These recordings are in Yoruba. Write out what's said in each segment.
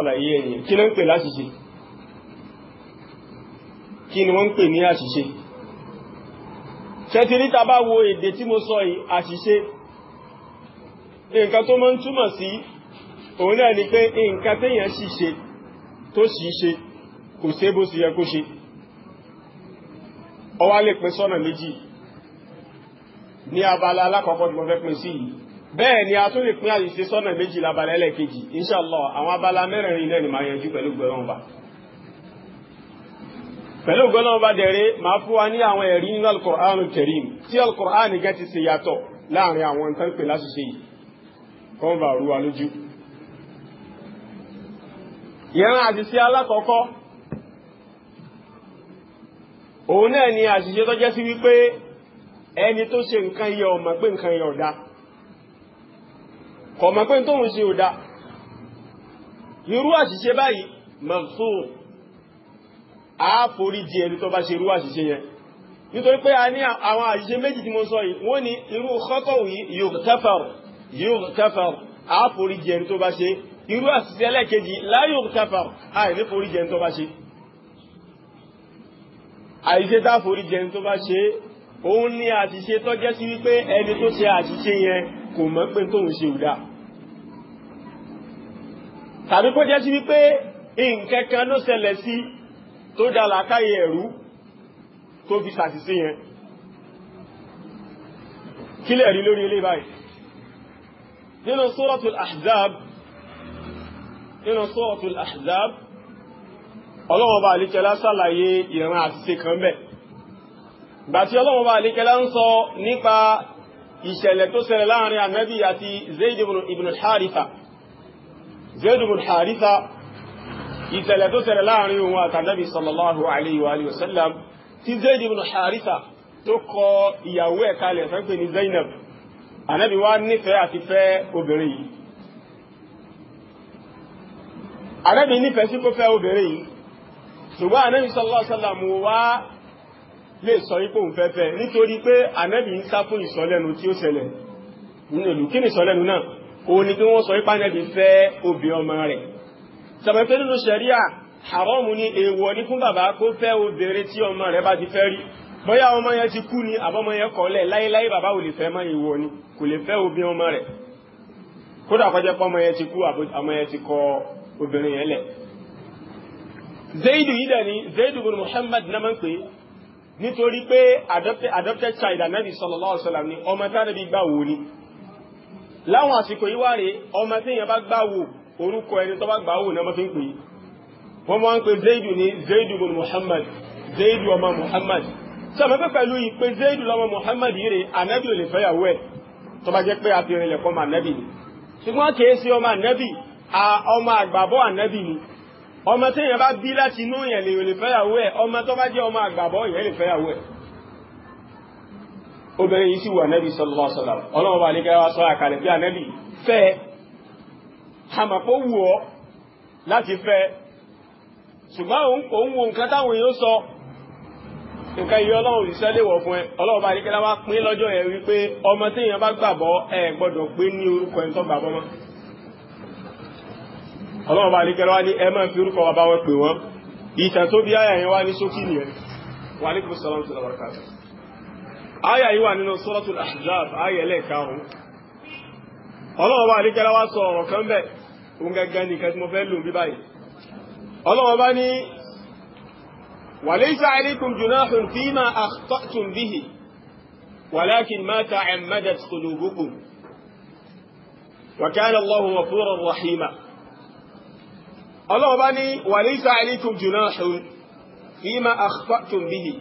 ọ̀làyé ẹ̀yìn kí ló ń pè láṣìṣe kí ni wọ́n ń pè ní àṣìṣe ṣẹ́tìrí ta bá wo èdè tí mo sọ yìí àṣìṣe nǹkan tó mọ́ ń túmọ̀ sí òun náà ni pé nǹkan téèyàn ṣìṣe tó ṣìṣe kò ṣe bó ṣe yẹ kó ṣe ó lè pín sọ́nà méjì ní abala alákọ̀ọ́kọ́ tí mo fẹ́ pín sí yìí bẹ́ẹ̀ ni a tún lè pín àyíṣe sọ́nà méjì lábala ẹlẹ́ẹ̀kejì inṣàlọ́ àwọn abala mẹ́rẹ̀ẹ̀rin náà ni máa yanjú pẹ̀lú gbọ́nọ́ọ̀bà pẹ̀lú gbọ́nọ́ọ̀bà dẹ̀rẹ́ máa fún wa ní àwọn ẹ̀rí nínú alukur'an karim tí alukur'an gẹ́ ti ṣe yàtọ̀ láàrin àwọn nǹkan pè láṣìṣe yìí kọ́n bá rú wa lójú. ìran àṣìṣe alákọ̀ọ́kọ́ òun náà ni àṣìṣe tó jẹ́ sí wípé ẹni tó ṣe nǹkan yẹ ọ̀mọ̀ pé nǹkan yẹ ọ̀dá kọ̀mọ̀ pé tó ń ṣe ò dá irú àṣìṣe báyìí maghfur àáforíjì ẹni tó bá ṣe irú àṣìṣe yẹn nítorí pé a ní àwọn àṣìṣe méjì tí mo sọ yìí wọ́n ní irú kọ́kọ̀ yughfar yughfar àáforíjì ẹni tó bá ṣe irú àṣìṣe ẹlẹ́kejì la yughfar àìníforíjì ẹni tó bá ṣe àṣìṣe táforíjì ẹni tó ni kò mọ̀ pé tóun ṣe ò dáa tàbí kó jẹ́ sí wípé nǹkankan ló ṣẹlẹ̀ sí tó dá làákàyè ẹ̀rú tó fi ṣàṣìṣe yẹn kí lẹ̀ rí lórí ilé báyìí nínú suratul ahzab nínú suratul ahzab Ọlọ́hun Ọba àlíkẹ́lá ṣàlàyé ìran àṣìṣe kan bẹ̀ gbàtí Ọlọ́hun Ọba àlíkẹ́lá ń sọ nípa ìṣẹ̀lẹ̀ tó ṣẹlẹ̀ láàrin ànábì àti zaid ibn al-haritha zaid ibn al-haritha ìṣẹ̀lẹ̀ tó ṣẹlẹ̀ láàrin òun àtànábì sallallahu alayhi wa sallam tí zaid ibn al-haritha tó kọ ìyàwó ẹ̀ kalẹ̀ fẹ́ pè ní zainab ànábì wá nífẹ̀ẹ́ àti fẹ́ obìnrin yìí ànábì nífẹ̀ẹ́ sí kó fẹ́ obìnrin yìí ṣùgbọ́n ànábì sallallahu alayhi wa sallam wá lè sọ ipò òǹfẹ́fẹ́ nítorí pé ànábì ń sá fún ìsọlẹ́nu tí ó ṣẹlẹ̀ nínú ìlú kí ni ìsọlẹ́nu náà òun ni kí wọ́n sọ ipá ànábì fẹ́ obìnrin ọmọ rẹ̀ sọmọpẹ́ nínú ṣẹ̀ríà àrọ́mù ni èèwọ̀ ní fún bàbá kó fẹ́ obìnrin tí ọmọ rẹ̀ bá ti fẹ́ rí bóyá ọmọ yẹn ti kú ni àbọ́mọ yẹn kọ̀ọ́lẹ̀ láéláé bàbá ò lè fẹ́ mọ́ èèwọ̀ ni kò lè fẹ́ obìnrin ọmọ rẹ̀ kódà kọjá pé ọmọ yẹn ti kú àbọ̀mọ yẹn ti kọ obìnrin yẹn lẹ̀ zaidu yìí dẹ̀ ni zaidu bin muhammad náà ń pè é nítorí pé adopted child anabi sallallahu alaihi wasallam ni ọmọ tí anabi gbà wò ni láwọn àsìkò yìí wà ọmọ tí èèyàn bá gbà orúkọ ẹni tó bá gbà wò ni ọmọ fi ń pè é wọ́n máa ń pe zaidu ní zaidu bin muhammad zaidu ọmọ muhammad sọmọ pé pẹ̀lú yìí pé zaidu lọmọ muhammad yìí rè anabi ò lè fẹ́ yàwó ẹ̀ tó bá jẹ́ pé àfihàn ilẹ̀ fọ́mọ anabi ni ṣùgbọ́n kì í ṣe ọmọ anabi ọmọ àgbàbọ̀ anabi ni ọmọ tí èèyàn bá bí láti inú èèyàn lè lè fẹ́yàwó ẹ̀ ọmọ tó bá jẹ́ ọmọ àgbàbọ̀ èèyàn lè fẹ́yàwó ẹ̀ obìnrin yìí sì wà nẹ́bí sallallahu alaihi wasallam ọlọ́run bá nígbà wá sọ àkàlẹ̀ bí anẹ́bí fẹ́ àmàpọ̀ wù ọ́ láti fẹ́ ṣùgbọ́n òun wo nǹkan táwọn èèyàn sọ nǹkan yìí ọlọ́run ìṣẹ́ lè wọ̀ fún ẹ ọlọ́run bá nígbà wá pín lọ́jọ́ yẹn wípé ọmọ tí èèyàn bá gbàgbọ́ ẹ̀ gbọ́dọ̀ pé ní orúkọ ẹni tó gbàgbọ́ mọ́ ọlọ́run bá nígbẹ́ wá ní ẹ máa fi orúkọ wa bá wọn pè wọ́n ìtàn tó bí àyà yẹn wá ní ṣókí nìyẹn wà ní kò sọ́lọ́mù sọ́lọ́mù kàtà àyà yìí wà nínú Suratul Ahzab àyà ẹlẹ́ẹ̀karùn ọlọ́run bá nígbẹ́ wá sọ ọ̀rọ̀ kan bẹ́ẹ̀ òun gẹ́gẹ́ ní kẹ́tí mo fẹ́ lò bí báyìí ọlọ́run bá ní walaysa alaykum junahun fima akhtatum bihi walakin ma ta'ammadat qulubukum wa kana Allahu ghafurur rahima ọlọ́run bá ní wàlíṣà alaykum junahun fima akhtatum bihi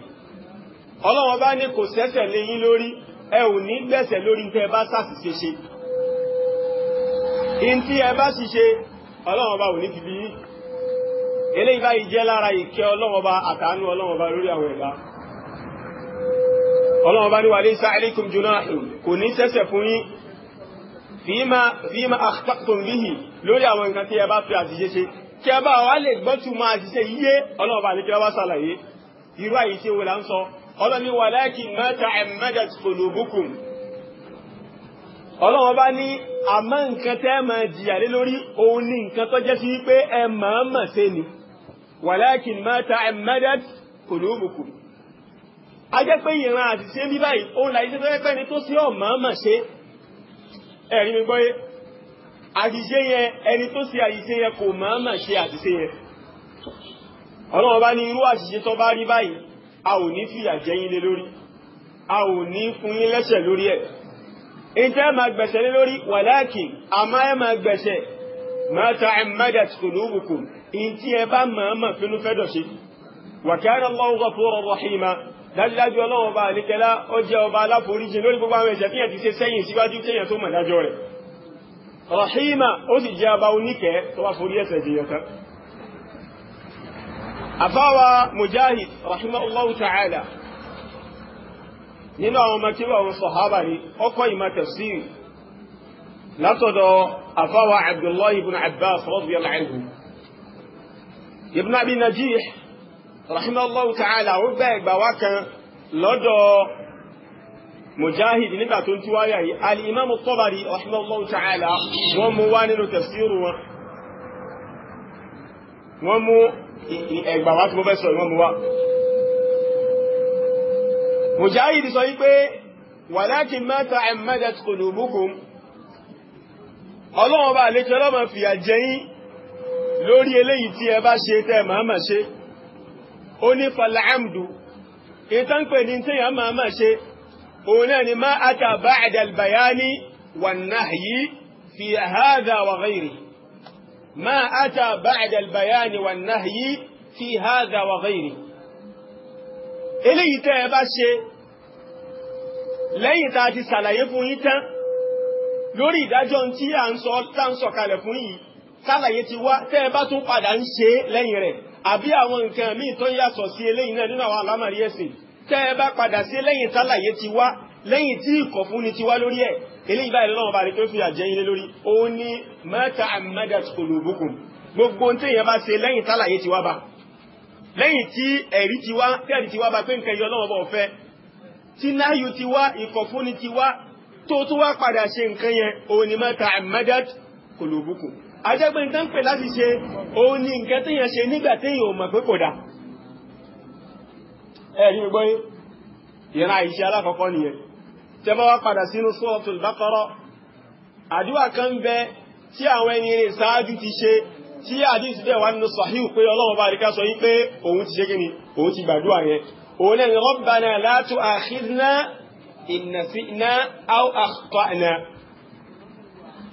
ọlọ́run bá ní kò sẹ́sẹ̀ lé yín lórí ẹ ò ní gbẹ̀sẹ̀ lórí tẹ́ bá sàṣìṣe ṣe in tí ẹ bá ṣiṣe ọlọ́run bá ò ní fìbí yín eléyìí báyìí jẹ́ lára ìkẹ́ ọlọ́run bá àtàánú ọlọ́run bá lórí àwọn ẹ̀dá ọlọ́run bá ní wàlíṣà alaykum junahun kò ní sẹ́sẹ̀ fún yín fima akhtatum bihi lórí àwọn nǹkan tí ẹ bá fi àṣìṣe ṣe kí a bá wá lè gbọ́tù máa ti ṣe yíyé ọlọ́ọ̀bá ní kí a bá ṣàlàyé irú àyè tí wọ́n là ń sọ ọlọ́ni wà láìkì mẹ́ta ẹ̀mẹ́dẹ̀ tòlóbùkùn ọlọ́wọ́n bá ní àmọ́ nǹkan tẹ́ mọ̀ jìyà lé lórí òun ní nǹkan tó jẹ́ sí wípé ẹ mọ̀ mọ̀ sí ni wà láìkì mẹ́ta ẹ̀mẹ́dẹ̀ tòlóbùkùn a jẹ́ pé ìran àti ṣe ní báyìí òun làyí ṣe tó yẹ pẹ́ni tó sí ọ̀ mọ̀ mọ̀ ṣe ẹ̀rí mi gbọ́yé àṣìṣe yẹn ẹni tó ṣe àṣìṣe yẹn kò máa mà ṣe àṣìṣe yẹn ọlọ́run bá ní irú àṣìṣe tó bá rí báyìí a ò ní fìyà jẹyìn lé lórí a ò ní fún yín lẹ́sẹ̀ lórí ẹ̀ ìtẹ́ máa gbẹ̀sẹ̀ lé lórí wàláàkì àmọ́ ẹ máa gbẹ̀sẹ̀ máa ta ẹ̀mẹ́dà tí kò lóòbùkù ìtí ẹ bá máa mà fínú fẹ́dọ̀ ṣe wa kana Allahu ghafurur rahima dájúdájú ọlọ́run ọba àníkẹ́lá ó ọba aláforíjì lórí gbogbo àwọn ẹ̀ṣẹ̀ fíyàn ti ṣe sẹ́yìn síwájú kéèyàn tó mọ̀ dájọ́ rẹ̀ rahima ó sì jẹ́ ọba oníkẹ́ tó wá forí ẹ̀ṣẹ̀ jìyàn kan àfáwà mujahid rahimahullahu ta'ala nínú àwọn ọmọ tí wọ́n sọ̀hábà ní ọkọ̀ ìmọ̀ tafsir látọ̀dọ̀ àfáwà abdullahi ibn abbas radiyallahu anhu ibn abi najih rahimahullahu ta'ala ó bẹ́ẹ̀ gbà wá lọ́dọ̀ mujahid nígbà tó ń tí wáyà yìí al'imamu tọ́bari rahimahullahu ta'ala wọ́n mú wá nínú tafsiru wọn wọ́n mú ẹgbàwá tí mo fẹ́ sọ wọ́n mú wá mujahid sọ yí pé walakin ma ta'ammadat qulubukum ọlọ́wọ́n bá lékẹ́ ní fal'amdu ìtànpẹ̀ ní tí yà màmá ṣe òun náà ni máa ata ba'da al-bayani wan-nahyi fi hadha wa ghayrihi máa ata ba'da al-bayani wan-nahyi fi hadha wa ghayrihi eléyìí tẹ́ ẹ bá ṣe lẹ́yìn tá a ti ṣàlàyé fún yín tán lórí ìdájọ́ tí à ń sọ tá ń sọ̀kalẹ̀ fún yìí ṣàlàyé ti wá tẹ́ ẹ bá tún padà ń ṣe lẹ́yìn rẹ̀ àbí àwọn nǹkan míì tó yàtọ̀ sí eléyìí náà nínú àwọn àlámàrí ẹ̀sìn tẹ́ ẹ bá padà sí lẹ́yìn tálàyé ti wá lẹ́yìn tí ìkọ̀fúnni ti wá lórí ẹ̀ eléyìí báyìí lọ́wọ́ bá rí tó fi àjẹyìn lé lórí ó ní mẹ́ta àmẹ́dàt olùbùkún gbogbo ohun tí èèyàn bá ṣe lẹ́yìn tálàyé ti wá bá lẹ́yìn tí ẹ̀rí ti wá tí ẹ̀rí ti wá bá pé nǹkan yọ lọ́wọ́ bá ọ̀fẹ́ tí náyù ti wá ìkọ̀fúnni ti wá tó tó wá padà ṣe nǹkan yẹn ó ní mẹ́ta àmẹ́dàt olùbùkún ajẹ́gbẹ́ nǹkan pè láti ṣe ó ní nǹkan téèyàn ṣe nígbà téèyàn ò mọ̀ pé kò dáa ẹ̀rí gbogbo ìran àìṣẹ́ alákọ̀ọ́kọ́ nìyẹn tí a bá wá padà sínú Suratul Baqara àdúrà kan bẹ tí àwọn ẹni rẹ̀ sáájú ti ṣe tí àdíṣù dẹ̀ wà nínú Sahih pé Ọlọ́run bá ríká sọ yí pé òun ti ṣe kí ni òun ti gbàdúrà yẹn òun náà ni Rabbana la tu'akhidhna in nasi'na aw akhta'na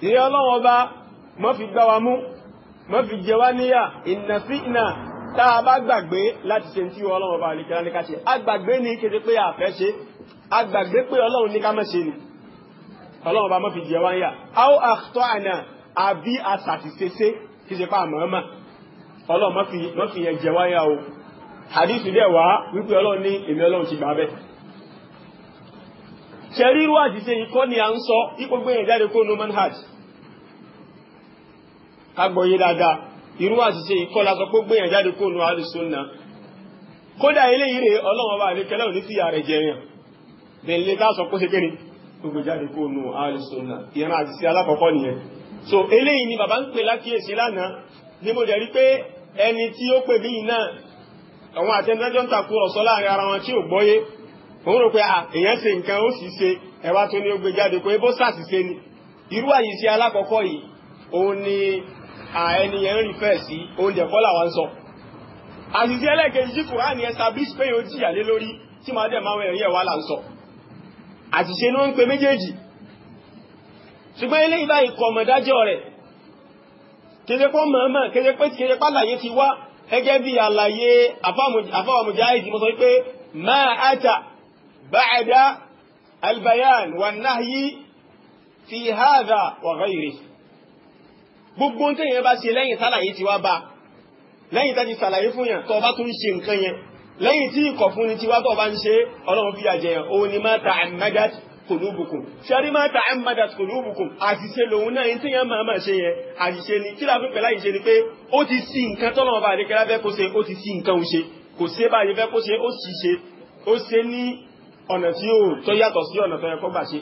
ìyẹ́ Ọlọ́run bá má fi gbá wa mú má fi jẹ wá níyà in Ta a bá gbàgbé láti ṣe tí ọlọ́run bá lè kíra ní ká ṣe agbàgbé ní kété pé àfẹ́ ṣe agbàgbé pé ọlọ́run ní ká má ṣe ni ọlọ́run bá má fi jẹ wá ń yà a ó àtọ́ àná àbí àṣàtìṣeṣe kí ṣe pa àmọ́ọ́mà ọlọ́run má fi yẹn jẹ wá ń yà o hadithu dẹ̀ wá wípé ọlọ́run ní èmi ọlọ́run ti gbà bẹ́ẹ̀ ṣẹ̀ríru àjíṣe ikọ́ ni a ń sọ ipò gbẹ̀yìn jáde kó no man ká gbọ́ yé dáadáa irú àṣìṣe ìkọlá sọ pé gbéyàn jáde kó nu àlùsùnà kódà eléyìí rè ọlọ́wọ́n bá lè kẹlẹ́ òní fìyà rẹ̀ jẹyàn bẹ̀lẹ́ tá a sọ pé ṣe kéde gbogbo jáde kó nu ìran àṣìṣe alákọ̀ọ́kọ́ nìyẹn so eléyìí ni bàbá ń pè lákìyèsí lánàá ni mo dẹ̀ rí pé ẹni tí ó pè bí iná àwọn àtẹnudẹ́jọ́ ń tàkúrọ̀sọ láàrin ara wọn tí ò gbọ́yé òun rò pé èèyàn ṣe nǹkan ó sì ṣe ẹwà tó ní ó gbé jáde ẹni yẹn ń rìfẹ́ sí oúnjẹ kọ́ làwọn ń sọ àṣìṣe ẹlẹ́ẹ̀kejì tí Quran yẹn establish pé yóò jìyà lé lórí tí màá dẹ̀ máa wọ ẹ̀rí ẹ̀ là ń sọ àṣìṣe ni wọ́n ń pe méjèèjì ṣùgbọ́n eléyìí báyìí kọ̀ mọ̀ rẹ̀ kéde mọ̀ọ́mọ̀ kéde pé kéde pàlàyé ti wá gẹ́gẹ́ bí àlàyé àfáwọn fi hadha wa ghayrihi gbogbo ń tẹ̀yìn bá ṣe lẹ́yìn sálàyé ti wá bá lẹ́yìn tá ti sàlàyé fún yàn tó bá tún ṣe nǹkan yẹn lẹ́yìn tí ìkọ̀ fún ni tiwa tó bá ń ṣe ọlọ́run fi àjẹ yàn òun ni má ta àmágát kòlúbùkùn ṣẹ́rí má ta àmágát kòlúbùkún àṣìṣe lòun náà tí yẹn máa máa ṣe yẹn àṣìṣe ni kí láfi pẹ̀lá yìí ṣe ni pé ó ti sí nǹkan tọ́lọ́run bá àdékẹ́lá fẹ́ kó ṣe ó ti sí nǹkan ò ṣe kò ṣe báyìí fẹ́ kó ṣe ó sì ṣe ó ṣe ní ọ̀nà tí ó tọ́ yàtọ̀ sí ọ̀nà tó yẹ kó gbà ṣe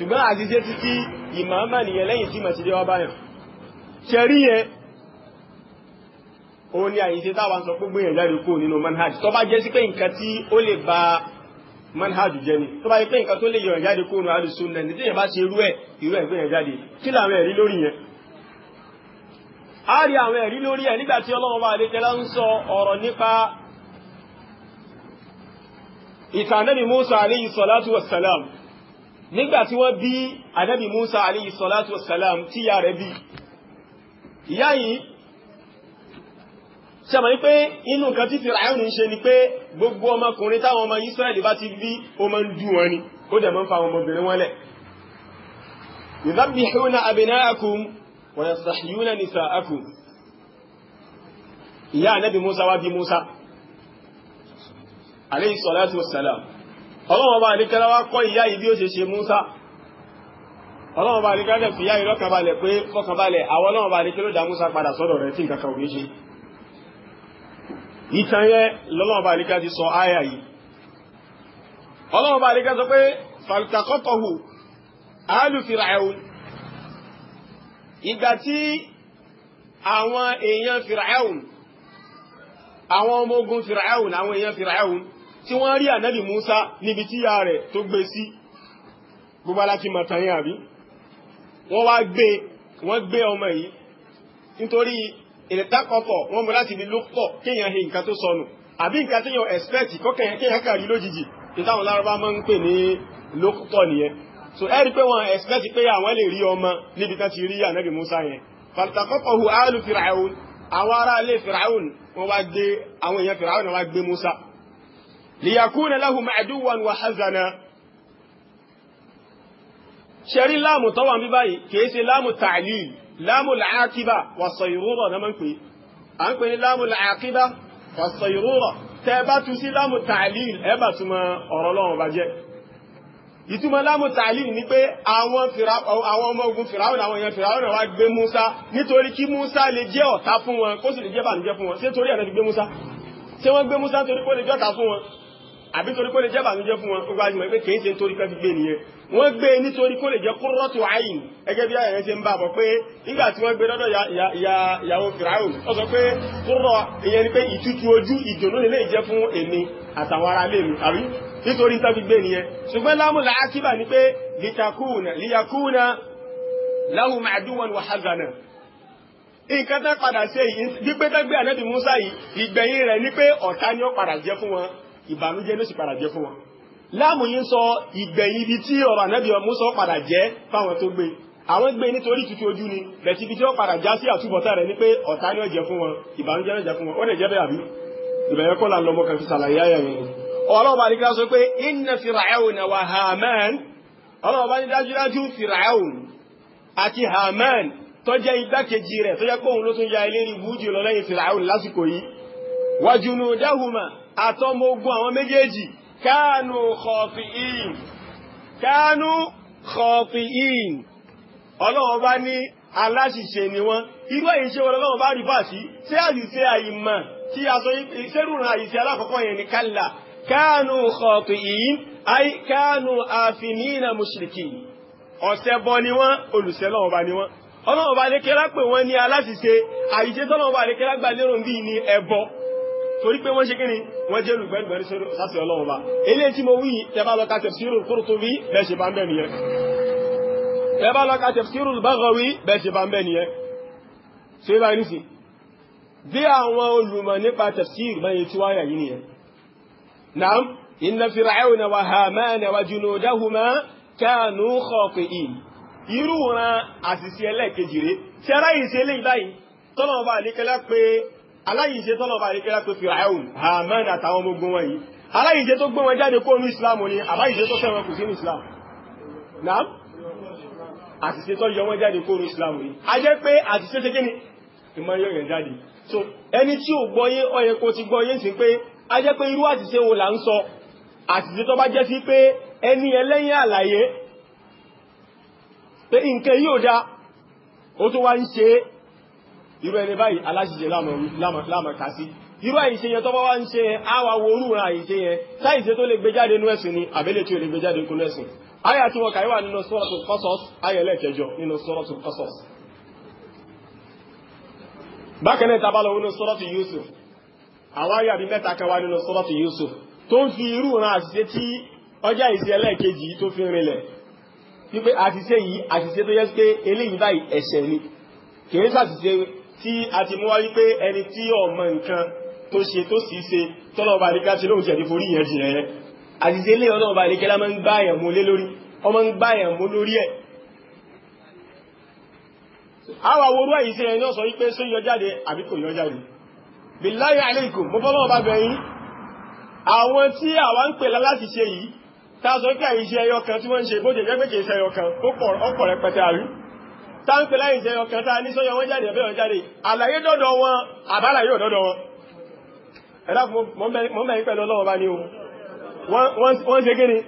ṣùgbọ́n àṣìṣe títí ìmàmà nìyẹn lẹ́yìn tí mọ̀ ti dé wá báyàn ṣẹ̀rí yẹn ó ní àyíṣe táwọn sọ gbogbo èèyàn jáde kúrò nínú manhaj tó bá jẹ́ sí pé nǹkan tí ó lè ba manhaj jẹ́ ni tó bá jẹ́ pé nǹkan tó lè yọ ìjáde kúrò nínú àdùsùn náà ní téèyàn bá ṣe irú ẹ̀ irú ẹ̀ gbéyàn jáde kí làwọn ẹ̀rí lórí yẹn a rí àwọn ẹ̀rí lórí ẹ̀ nígbà tí Ọlọ́run bá lè tẹ́lá ń sọ ọ̀rọ̀ nípa ìtàn Ànábì Mùsá alayhi nígbà tí wọ́n bí ànábì Musa alayhi salatu wassalam tí ya rẹ̀ bí ìyá yìí ṣe mọ̀ wípé inú nǹkan tí Fìràáùn ń ṣe ni pé gbogbo ọmọkùnrin táwọn ọmọ Israẹli bá ti bí ó máa ń dù wọn ni ó dẹ̀ máa ń fa àwọn ọmọbìnrin wọn lẹ̀ yudabbihuna abna'akum wa yastahyuna ọlọ́wọ́n bá àríkẹ́lá wá kọ́ ìyá yìí bí ó ṣe ṣe Musa ọlọ́wọ́n bá àríkẹ́lá fi yá ìlọ́kàbalẹ̀ pé fọ́kàbalẹ̀ àwọn ọlọ́wọ́n bá àríkẹ́ ló dá Musa padà sọ́dọ̀ rẹ̀ tí nǹkan kan ò ní ṣe ìtàn sọ pé fàlùtàkọ́tọ̀hù áàlù Fir'aun ìgbà tí àwọn èèyàn Fir'aun àwọn ọmọ ogun Fir'aun àwọn èèyàn Fir'aun tí wọ́n rí ànábì Musa níbi tí ya rẹ̀ tó gbé sí gbogbo alákìmọ̀ tán yà bí wọ́n wá gbé wọ́n gbé ọmọ yìí nítorí ìrẹ̀tàkọ̀tọ̀ wọ́n mú láti ibi lókọ̀ kéèyàn he nǹkan tó sọnù àbí nǹkan tí yàn expect kọ́kẹ́yàn kéèyàn kàrí lójijì ìtàwọn lárúbá máa ń pè ní lókọ̀ nìyẹn so ẹ rí pé wọn expect pé àwọn lè rí ọmọ níbi tán ti rí ànábì Musa yẹn fàtàkọ́kọ̀hu áàlù fìràún àwọn ará ilé fìràún wọ́n wá gbé àwọn èèyàn fìràún wá gbé Musa liyakuna lahum aduwan wa hazana ṣẹ̀rí láàmù tọ́wà ń bí báyìí kìí ṣe láàmù ta'lil láàmù l'áàkíbà wà sayrura na máa ń pè a ń pè ní láàmù l'áàkíbà wà sayrura tẹ bá tún sí láàmù ta'lil ẹbà túnmọ̀ ọ̀rọ̀ lọ́wọ́ bá jẹ́ ìtumọ̀ láàmù ta'lil ni pé àwọn ọmọ ogun fìràwọ̀n àwọn èèyàn fìràwọ̀n wá gbé Musa nítorí kí Musa lè jẹ́ ọ̀tá fún wọn kó sì lè jẹ́ bànújẹ́ fún wọn ṣé torí ẹ̀rọ ti gbé Musa ṣé wọ́n gbé Musa torí kó lè jọ́ta fún wọn àbí torí kó lè jẹ́ bànújẹ́ fún wọn gbogbo àjùmọ̀ pé kìí ṣe nítorí pẹ́ fi gbé nìyẹn wọ́n gbé e nítorí kó lè jẹ́ qurratu ayn ẹgẹ́ bí ayẹyẹ ṣe ń bá bọ̀ pé nígbà tí wọ́n gbé lọ́dọ̀ ìyàwó fìràhùn ó sọ pé kúrọ̀ ìyẹn ni pé ìtútù ojú ìdùnnú lè jẹ́ fún èmi àtàwọn ará lè mi àbí nítorí tán fi gbé nìyẹn ṣùgbọ́n láàmú làákìbà ni pé litakuna liyakuna ìbànújẹ́ ló sì padà jẹ́ fún wọn láàmù yín sọ ìgbẹ̀yìn ibi tí ọ̀rọ̀ ànábì Mùsá padà jẹ́ fáwọn tó gbé àwọn gbé nítorí tútù ojú ni bẹ̀tí ibi tí ó padà já sí àtúbọ̀tá rẹ̀ ní pé ọ̀tá ni ó jẹ́ fún wọn ìbànújẹ́ ló jẹ́ fún wọn ó lè jẹ́ bẹ́ẹ̀ àbí ìbẹ̀rẹ̀ kọ́ là ń lọ́mọ kan fi ṣàlàyé ayà wa Haman ọlọ́ọ̀bá ní dájúdájú Fir'aun àti Haman tó jẹ́ igbákejì rẹ̀ tó jẹ́ pé òun ló tún ya ilé ní wújì lọ lẹ́yìn Fir'aun lásìkò yìí wa junudahuma àtọmọ ogun àwọn méjèèjì káànù khāfi'īn káànù khāfi'īn ọlọ́wọ́ bá ní aláṣìṣe ni wọ́n irú àyíṣẹ́ wọn lọ́wọ́ bá rí bá sí tí àyíṣẹ́ àyímọ̀ tí a sọ ìṣẹ́rùn àyíṣẹ́ alákọ̀ọ́kọ́ yẹn ni kálà káànù khāfi'īn ay káànù àfinīna mushrikīn ọ̀sẹ̀bọ ni wọ́n olùsẹ́lọ́wọ́ ọlọ́wọ́ bá lékẹ́lá wọ́n ní torí pé wọ́n ṣe kí ni wọ́n jẹ́ olùgbẹ́gbẹ́rí sáti ọlọ́run bá eléyìí tí mo wí tẹ́bá lọ ka tafsiru Qurtubi bẹ́ẹ̀ ṣe bá ń bẹ́ nìyẹn tẹ́bá lọ ka tafsiru Baghawi bẹ́ẹ̀ ṣe bá ń bẹ́ nìyẹn ṣe bá ní sí bí àwọn olùmọ̀ nípa tafsir báyìí tí wáyà yìí nìyẹn naam inna fir'auna wa hamana wa junudahuma kanu khati'in irú wọn àṣìṣe ẹlẹ́ẹ̀kejì rẹ̀ tẹ́ráyìí sí eléyìí báyìí tọ́lọ́wọ́ aláyìnṣe tọ́lọ̀ bá rí kẹ́lá tó fi àáhùn Haman àtàwọn ọmọ ogun wọn yìí aláyìnṣe tó gbé wọn jáde kó ní Islam ni àbáyìnṣe tó fẹ́ kù sí ní Islam náà àṣìṣe tó yọ wọn jáde kó ní Islam ni a jẹ́ pé àṣìṣe ṣe kí ni ìmọ̀ yọ yẹn jáde so ẹni tí ò gbọ́yé ọyẹ kó ti gbọ́yé sí pé a jẹ́ pé irú àṣìṣe wo là ń sọ àṣìṣe tó bá jẹ́ sí pé ẹni ẹlẹ́yìn àlàyé pé nǹkan yóò da ó tún wá ń ṣe irú ẹni báyìí aláṣìṣe láàmà kà sí irú àìṣe yẹn tó bá wá ń ṣe àwà worú ra àìṣe yẹn sáìṣe tó lè gbé jáde nú ẹ̀sìn ni àbẹ́lẹ̀ tí ó lè gbé jáde nú ẹ̀sìn ayà tí wọ́n kàíwà nínú Suratul Qasas ayẹlẹ́ kẹjọ nínú Suratul Qasas bákanáà tabalọ̀ nínú Suratul Yusuf àwọn ayà bí mẹ́ta kan wá nínú Suratul Yusuf tó ń fi irú ran àṣìṣe tí ọjà ìṣe ẹlẹ́ẹ̀kejì tó fi rinlẹ̀ wípé àṣìṣe yìí àṣìṣe tó yẹ pé tí a ti mú wá wípé ẹni tí ọmọ nǹkan tó ṣe tó sì ṣe tọ́lọ́ọ̀bà àríkà ṣe lóhùn tẹ̀lé forí yẹn jìnà yẹn àṣìṣe ilé ọlọ́ọ̀bà àríkà lá máa ń gbá àyàn mú lé lórí ọmọ ń gbá àyàn mú lórí ẹ̀ àwa worú ẹ̀yìn sí ẹni ọ̀sọ̀ wípé só yọ jáde àbí kò yọ jáde billahi mo fọ́lọ́ ọba bẹ̀yìn àwọn tí àwa ń pè láti ṣe yìí tá a sọ pé àyíṣe ẹyọ kan tí wọ́n ń ṣe bó táńpẹ́ láì jẹ ọkàn tá ní sọ́yọ wọ́n jáde ẹ̀bẹ́ wọn jáde àlàyé dọ́dọ̀ wọn àbálàyé ọ̀dọ́dọ̀ wọn ẹ̀dá fún mọ́mẹ́rin pẹ̀lú ọlọ́wọ́ bá ní o wọ́n ṣe gíní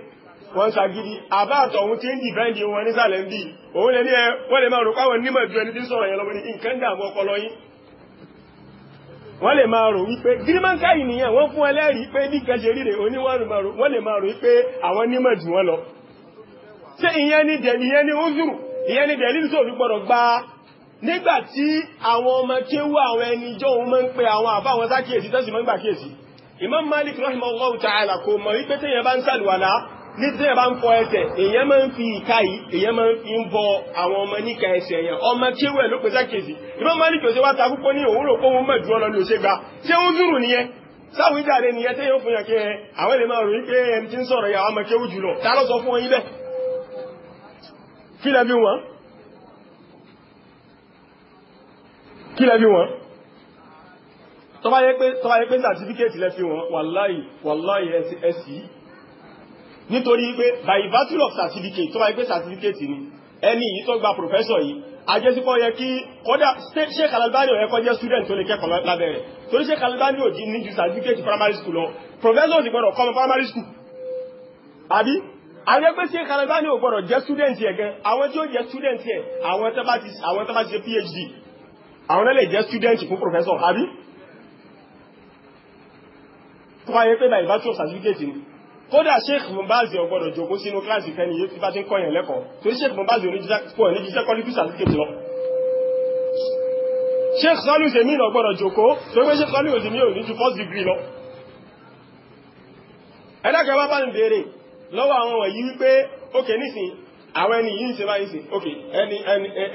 wọ́n ṣàgídí àbáàtọ̀ ohun tí ń dìbẹ́ndì wọn nísàlẹ̀ ń bí òun lè ní ẹ wọ́n lè máa rò pàwọn nímọ̀ ju ẹni tí ń sọ̀rọ̀ yẹn lọ́wọ́ ní nǹkan dààmú ọpọlọ yín wọ́n lè máa rò wípé gírímọ́ǹkà ìnìyàn wọ́n fún ẹlẹ́rìí pé bí nǹkan ṣe ríre oníwọ̀n lè máa rò wípé àwọn nímọ̀ jù wọ́n lọ ṣé ìyẹn ni dẹ̀mí ìyẹn ni ó zùrù ìyẹn ni dẹ̀lílù tó fi gbọ́dọ̀ gba nígbà tí àwọn ọmọ kéwú àwọn ẹni jọ òun máa ń pe àwọn àbá àwọn tó sì máa ń gbà kíyèsí Imam Malik rahimahullahu ta'ala kò mọ̀ wípé téèyàn bá ń sàlùwàlá ní téèyàn bá ń fọ ẹsẹ̀ èèyàn máa ń fi ìka yìí èèyàn máa ń bọ àwọn ọmọ níka ẹsẹ̀ yẹn ọmọ kéwú ẹ̀ ló pe sákìyèsí Imam Malik òṣè wá ta púpọ̀ ní òwúrò pé òun mẹ̀jú ọlọ́ni òṣègbà ṣé ó ń dúró nìyẹn sáwọn ìjà rẹ̀ nìyẹn téèyàn fún yàn kí ẹ àwọn èlè máa rò wípé ẹni tí ń sọ̀rọ̀ yà ọmọ kéwú jùlọ ta ló sọ fún wọn yí bẹ́ẹ̀ kílẹ̀ bí wọ́n kílẹ̀ bí wọ́n tó bá yẹ pé tó yẹ pé certificate lẹ fi wọ́n wàláì wàláì ẹ̀sì nítorí pé by virtue of certificate tó bá yẹ pé certificate ni ẹni yìí tó professor yìí àjẹsípọ̀ yẹ kí kọ́dá Sheikh Al-Albani ò yẹ kó jẹ́ student tó lè kẹ́kọ̀ọ́ lábẹ́ rẹ̀ torí Sheikh Al-Albani ò jí ní ju certificate primary school lọ professor ti gbọ́dọ̀ kọ́mọ primary school àbí àjẹpẹ́ sí Al-Albani ò gbọ́dọ̀ jẹ́ student yẹ gan àwọn tí ó jẹ́ student yẹ àwọn tó bá ti àwọn tó bá ti ṣe PhD àwọn náà lè jẹ́ student fún professor àbí tó wáyé pé báyìí bá tí ó certificate ni kódà Sheikh Mumbazi ò gbọ́dọ̀ jókòó sínú kíláàsì kẹni yìí tí bá ti ń kọyàn lẹ́kọ̀ọ́ tó Sheikh Mumbazi oníjíṣẹ́ oníjíṣẹ́ kọ́lí tó certificate lọ Sheikh Saliu Usaimin ò gbọ́dọ̀ jókòó tó gbé Sheikh Saliu Usaimin ò ní ju first degree lọ ẹ̀dá kẹwàá bá ń béèrè lọ́wọ́ àwọn wọ̀nyí wípé ókè nísìn àwọn ẹni yìí ń ṣe báyìí sí ókè ẹni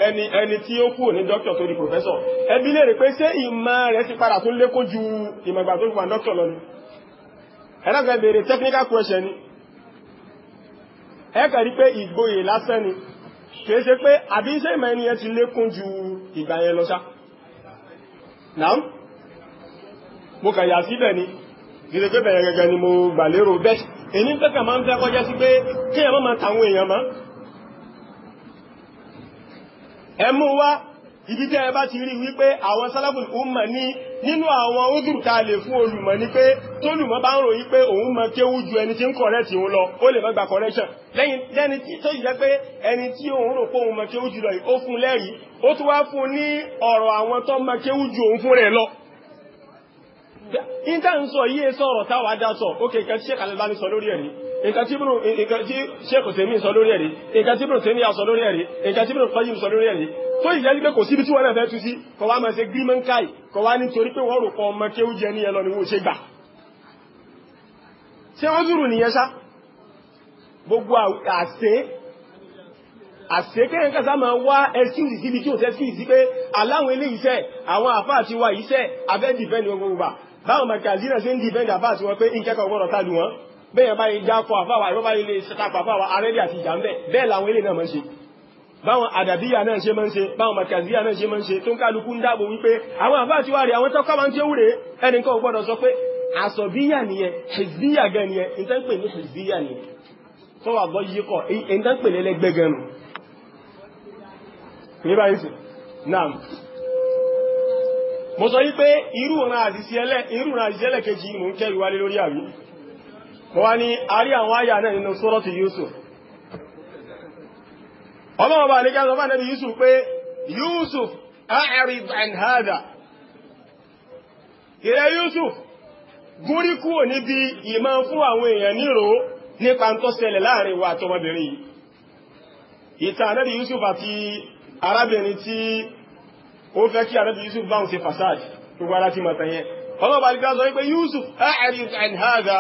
ẹni ẹni tí ó kúrò ní dókítọ̀ tó di pòfẹ́sọ̀ ẹbí lè rí pé ṣé ìmọ̀ rẹ̀ ti padà tó lékún ju ìmọ̀gbà tó wà dókítọ̀ lọ ni ẹ̀rọ̀gbẹ̀ bèèrè technical question ni ẹ̀kà rí pé ìgboyè lásán ni kìí ṣe pé àbí iṣẹ́ ìmọ̀ ẹni yẹn ti lékún ju ìgbà yẹn lọ ṣá náà mo kàn yà síbẹ̀ ni kìí ṣe pé bẹ̀rẹ̀ gẹ́gẹ́ ni mo gbà lérò bẹ́ẹ̀ èní pẹ́kà máa ń fẹ́ kọjá sí pé kí ẹmọ́ máa tàwọn èèyàn má ẹmú wá ibi tẹ́ ẹ bá ti rí wípé àwọn salaful umma ní nínú àwọn ódùn ta lè fún olùmọ̀ ní pé tó lùmọ̀ bá ń ròyìn pé òun mọ kéwú ju ẹni tí ń kọ̀rẹ́tì òun lọ ó lè mọ́gbà correction lẹ́yìn tí tó yìí pé ẹni tí òun rò pé òun mọ kéwú jù lọ ó fún lẹ́rìí ó tún wá fún ní ọ̀rọ̀ àwọn tó mọ kéwú ju òun fún rẹ̀ lọ níta ń sọ yíyé sọ̀rọ̀ táwa dá sọ ókè nǹkan tí Sheikh Al-Albani sọ lórí ẹ̀rí nǹkan tí ibùdó nǹkan tí Sheikh tèmi sọ lórí ẹ̀rí nǹkan tí ibùdó tèmi sọ lórí ẹ̀rí nǹkan tí ibùdó Qayyim sọ lórí ẹ̀rí tó ìjà yí pé kò síbi tí wọn náà fẹ́ tu sí kọ wá máa ṣe gírímọ̀n káì kọ wá nítorí pé wọ́n rò pọ̀ ọmọ kéwú jẹ ní ẹlọ ni wọ́n ṣe gbà ṣé wọ́n zùrù nìyẹn ṣá gbogbo àṣẹ àṣekéyàn kásá máa wá excuse síbi tí ò sẹ́ excuse sí pé aláwọn eléyìí sẹ́ àwọn àfáà ti yìí sẹ́ abẹ́dìfẹ́ ni gbogbo gbà báwọn mẹ̀kàzínà ṣe ń di bẹ́ndà bá ti wọ́n pé ìkẹ́kọ̀ọ́ gbọ́dọ̀ tàbí wọn bẹ́ẹ̀ bá yìí dákọ̀ àfáwà ìrọ́bá ilé ṣetapọ̀ àfáwà arẹ́lẹ̀ àti ìjàmbẹ̀ bẹ́ẹ̀ làwọn ilé náà mọ́ ṣe báwọn àdàbíyà náà ṣe mọ́ ṣe báwọn mẹ̀kàzíyà náà ṣe mọ́ ṣe tó ń kálukú ń dáàbò wípé àwọn àfáà ti wá rí àwọn tọ́kọ́ máa ń tí ó rè ẹnìkan ò gbọ́dọ̀ sọ pé àsọ̀bíyà nìyẹn hizbíyà gan nìyẹn ìtàn ní hizbíyà nìyẹn tó wà gbọ́ yí kọ̀ ìtàn pè lẹ́lẹ́gbẹ́ gan nù. mo sọ wípé irú ìran àdìsí kejì mò ń kẹ́rù wálé lórí àrí mo wá ní àrí àwọn àyà náà nínú sọ́rọ́tì Yusuf ọmọ bá lè kẹ́sọ fún ànábì Yusuf pé Yusuf a'rid Yusuf gúrí kúrò níbi ìmọ̀ fún àwọn èèyàn nípa tó ṣẹlẹ̀ láàrin wa àtọmọbìnrin yìí ìtàn Yusuf àti arábìnrin ti. ó fẹ́ kí àrẹ́bì Yusuf bá ń ṣe fasad gbogbo ara ti mọ̀tàn yẹn ọlọ́ba alìgbà sọ wípé Yusuf a'rid an hadha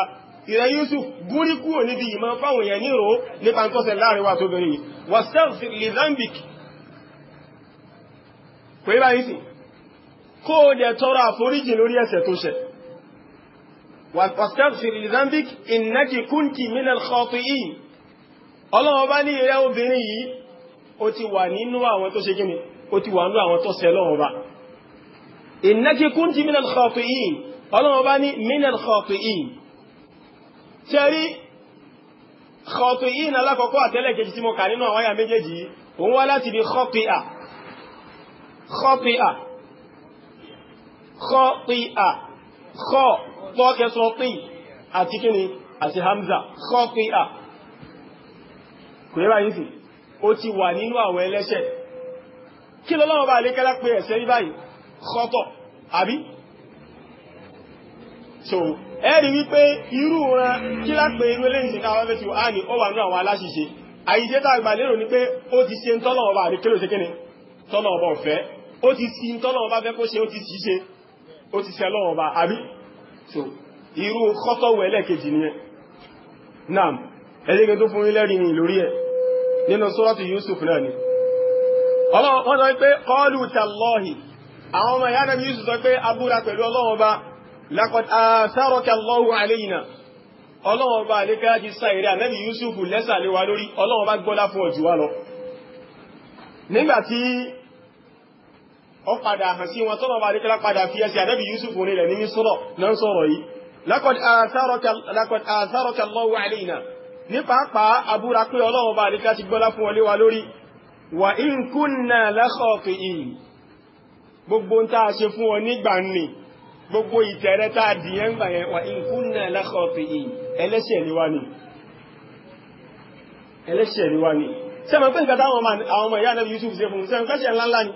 ìrẹ́ Yusuf gúrí kúrò níbi ìmọ̀ fáwọn èèyàn nírò nípa ń tọ́sẹ̀ láàrin wa tó bẹ̀rẹ̀ yìí wastaghfir li dhanbik kò yí báyìí sí kó o dẹ̀ tọrọ àforíjì lórí ẹ̀ṣẹ̀ tó ṣẹ̀ wastaghfir li dhanbik innaki kunti minal khati'in ọlọ́wọ́ bá ní ìrẹ́ obìnrin yìí ó ti wà nínú àwọn tó ṣe gíní ó ti wà ń lọ àwọn tó ṣẹ̀ lọ́wọ́ bá innaki kunti minal khati'in ọlọ́wọ́ bá ní minal khati'in tẹ́rí khati'in alákọ̀ọ́kọ́ àtẹ́lẹ̀ kejì tí mo kà nínú àwọn àyà méjèèjì òun wá láti bí khati'a khati'a khati'a kọ́ tọ́kẹsọ pín àti kíni àti hamza khati'a kò yẹ́ báyìí sí ó ti wà nínú àwọn ẹlẹ́ṣẹ̀ kí lọ́lọ́wọ́ bá alékẹ́lá pé ẹ̀ṣẹ̀ rí báyìí kọ́tọ̀ àbí so ẹ̀rí wípé irú ran kí lápé irú eléyìí káwọn fẹ́ ti wà ní ó wà ní àwọn aláṣìṣe àyíṣẹ́ tá àgbà lérò ní pé ó ti ṣe tọ́lọ́wọ́ bá alékẹ́lò ṣe kíni tọ́lọ́wọ́ bá ọ̀fẹ́ ó ti ṣe tọ́lọ́wọ́ bá fẹ́ kó ṣe ó ti ṣe ó ti ṣe lọ́wọ́ bá àbí so irú kọ́tọ̀ wọ ẹlẹ́ẹ̀kejì nìyẹn nam ẹ̀lẹ́gẹ́ tó fún ilẹ́rìí lórí ẹ̀ nínú sọ́rọ́tù Yusuf náà ni wọ́n sọ pé kọlù tàlọ́hì àwọn ọmọ ìyá nàbí Yusuf sọ pé abúra pẹ̀lú ọlọ́run ọba lakọt àṣàrọ̀kẹ́ lọ́wọ́ àléyìnà ọlọ́run ọba àlékà ti sa ìrẹ́ ànábì Yusuf lẹ́sà lé wa lórí ọlọ́run ọba gbọ́lá fún ọjù wa lọ nígbàtí ó padà hàn sí wọn tọ́nà ọba àlékà padà fi ẹsẹ̀ ànábì Yusuf nílẹ̀ ní sọ́rọ̀ náà sọ̀rọ̀ yìí lakọt wà ń kúnnà lẹ́kọ̀ọ́kì yìí gbogbo tá a ṣe fún ọ nígbà ní gbogbo ìtẹ̀rẹ́ tá a dì yẹn gbà yẹn wà ń kúnnà lẹ́kọ̀ọ́kì yìí ẹlẹ́ṣẹ̀ ni wá ni ẹlẹ́ṣẹ̀ ni wá ni sẹ́mi pé nǹkan táwọn ọmọ ìyá náà Yusuf ṣe fún sẹ́mi pẹ́ṣẹ̀ ńláńlá ni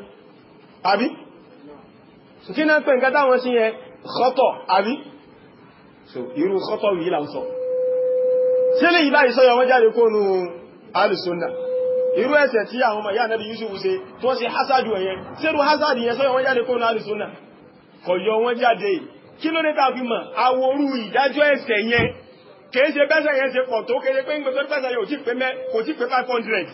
àbí kí náà pé nǹkan táwọn sí yẹn kọ́tọ̀ àbí so irú kọ́tọ̀ yìí là ń sọ sílẹ̀ yìí báyìí sọ́yọ̀ irú ẹ̀ṣẹ̀ tí àwọn ọmọ ìyá nẹ́bí Yusuf ṣe tó ṣe hasadu ẹ̀yẹn sẹ́rù hasadu yẹn sọ́yọ̀ wọ́n jáde kónú alìsúnà kọ̀yọ̀ wọ́n jáde kí ló dé tàbí mọ̀ àwòrú ìdájọ́ ẹ̀ṣẹ̀ yẹn kìí ṣe bẹ́sẹ̀ yẹn ṣe pọ̀ tó kéde pé nígbà tó pẹ́sẹ̀ yóò tí pé mẹ́ kò tí pé five hundred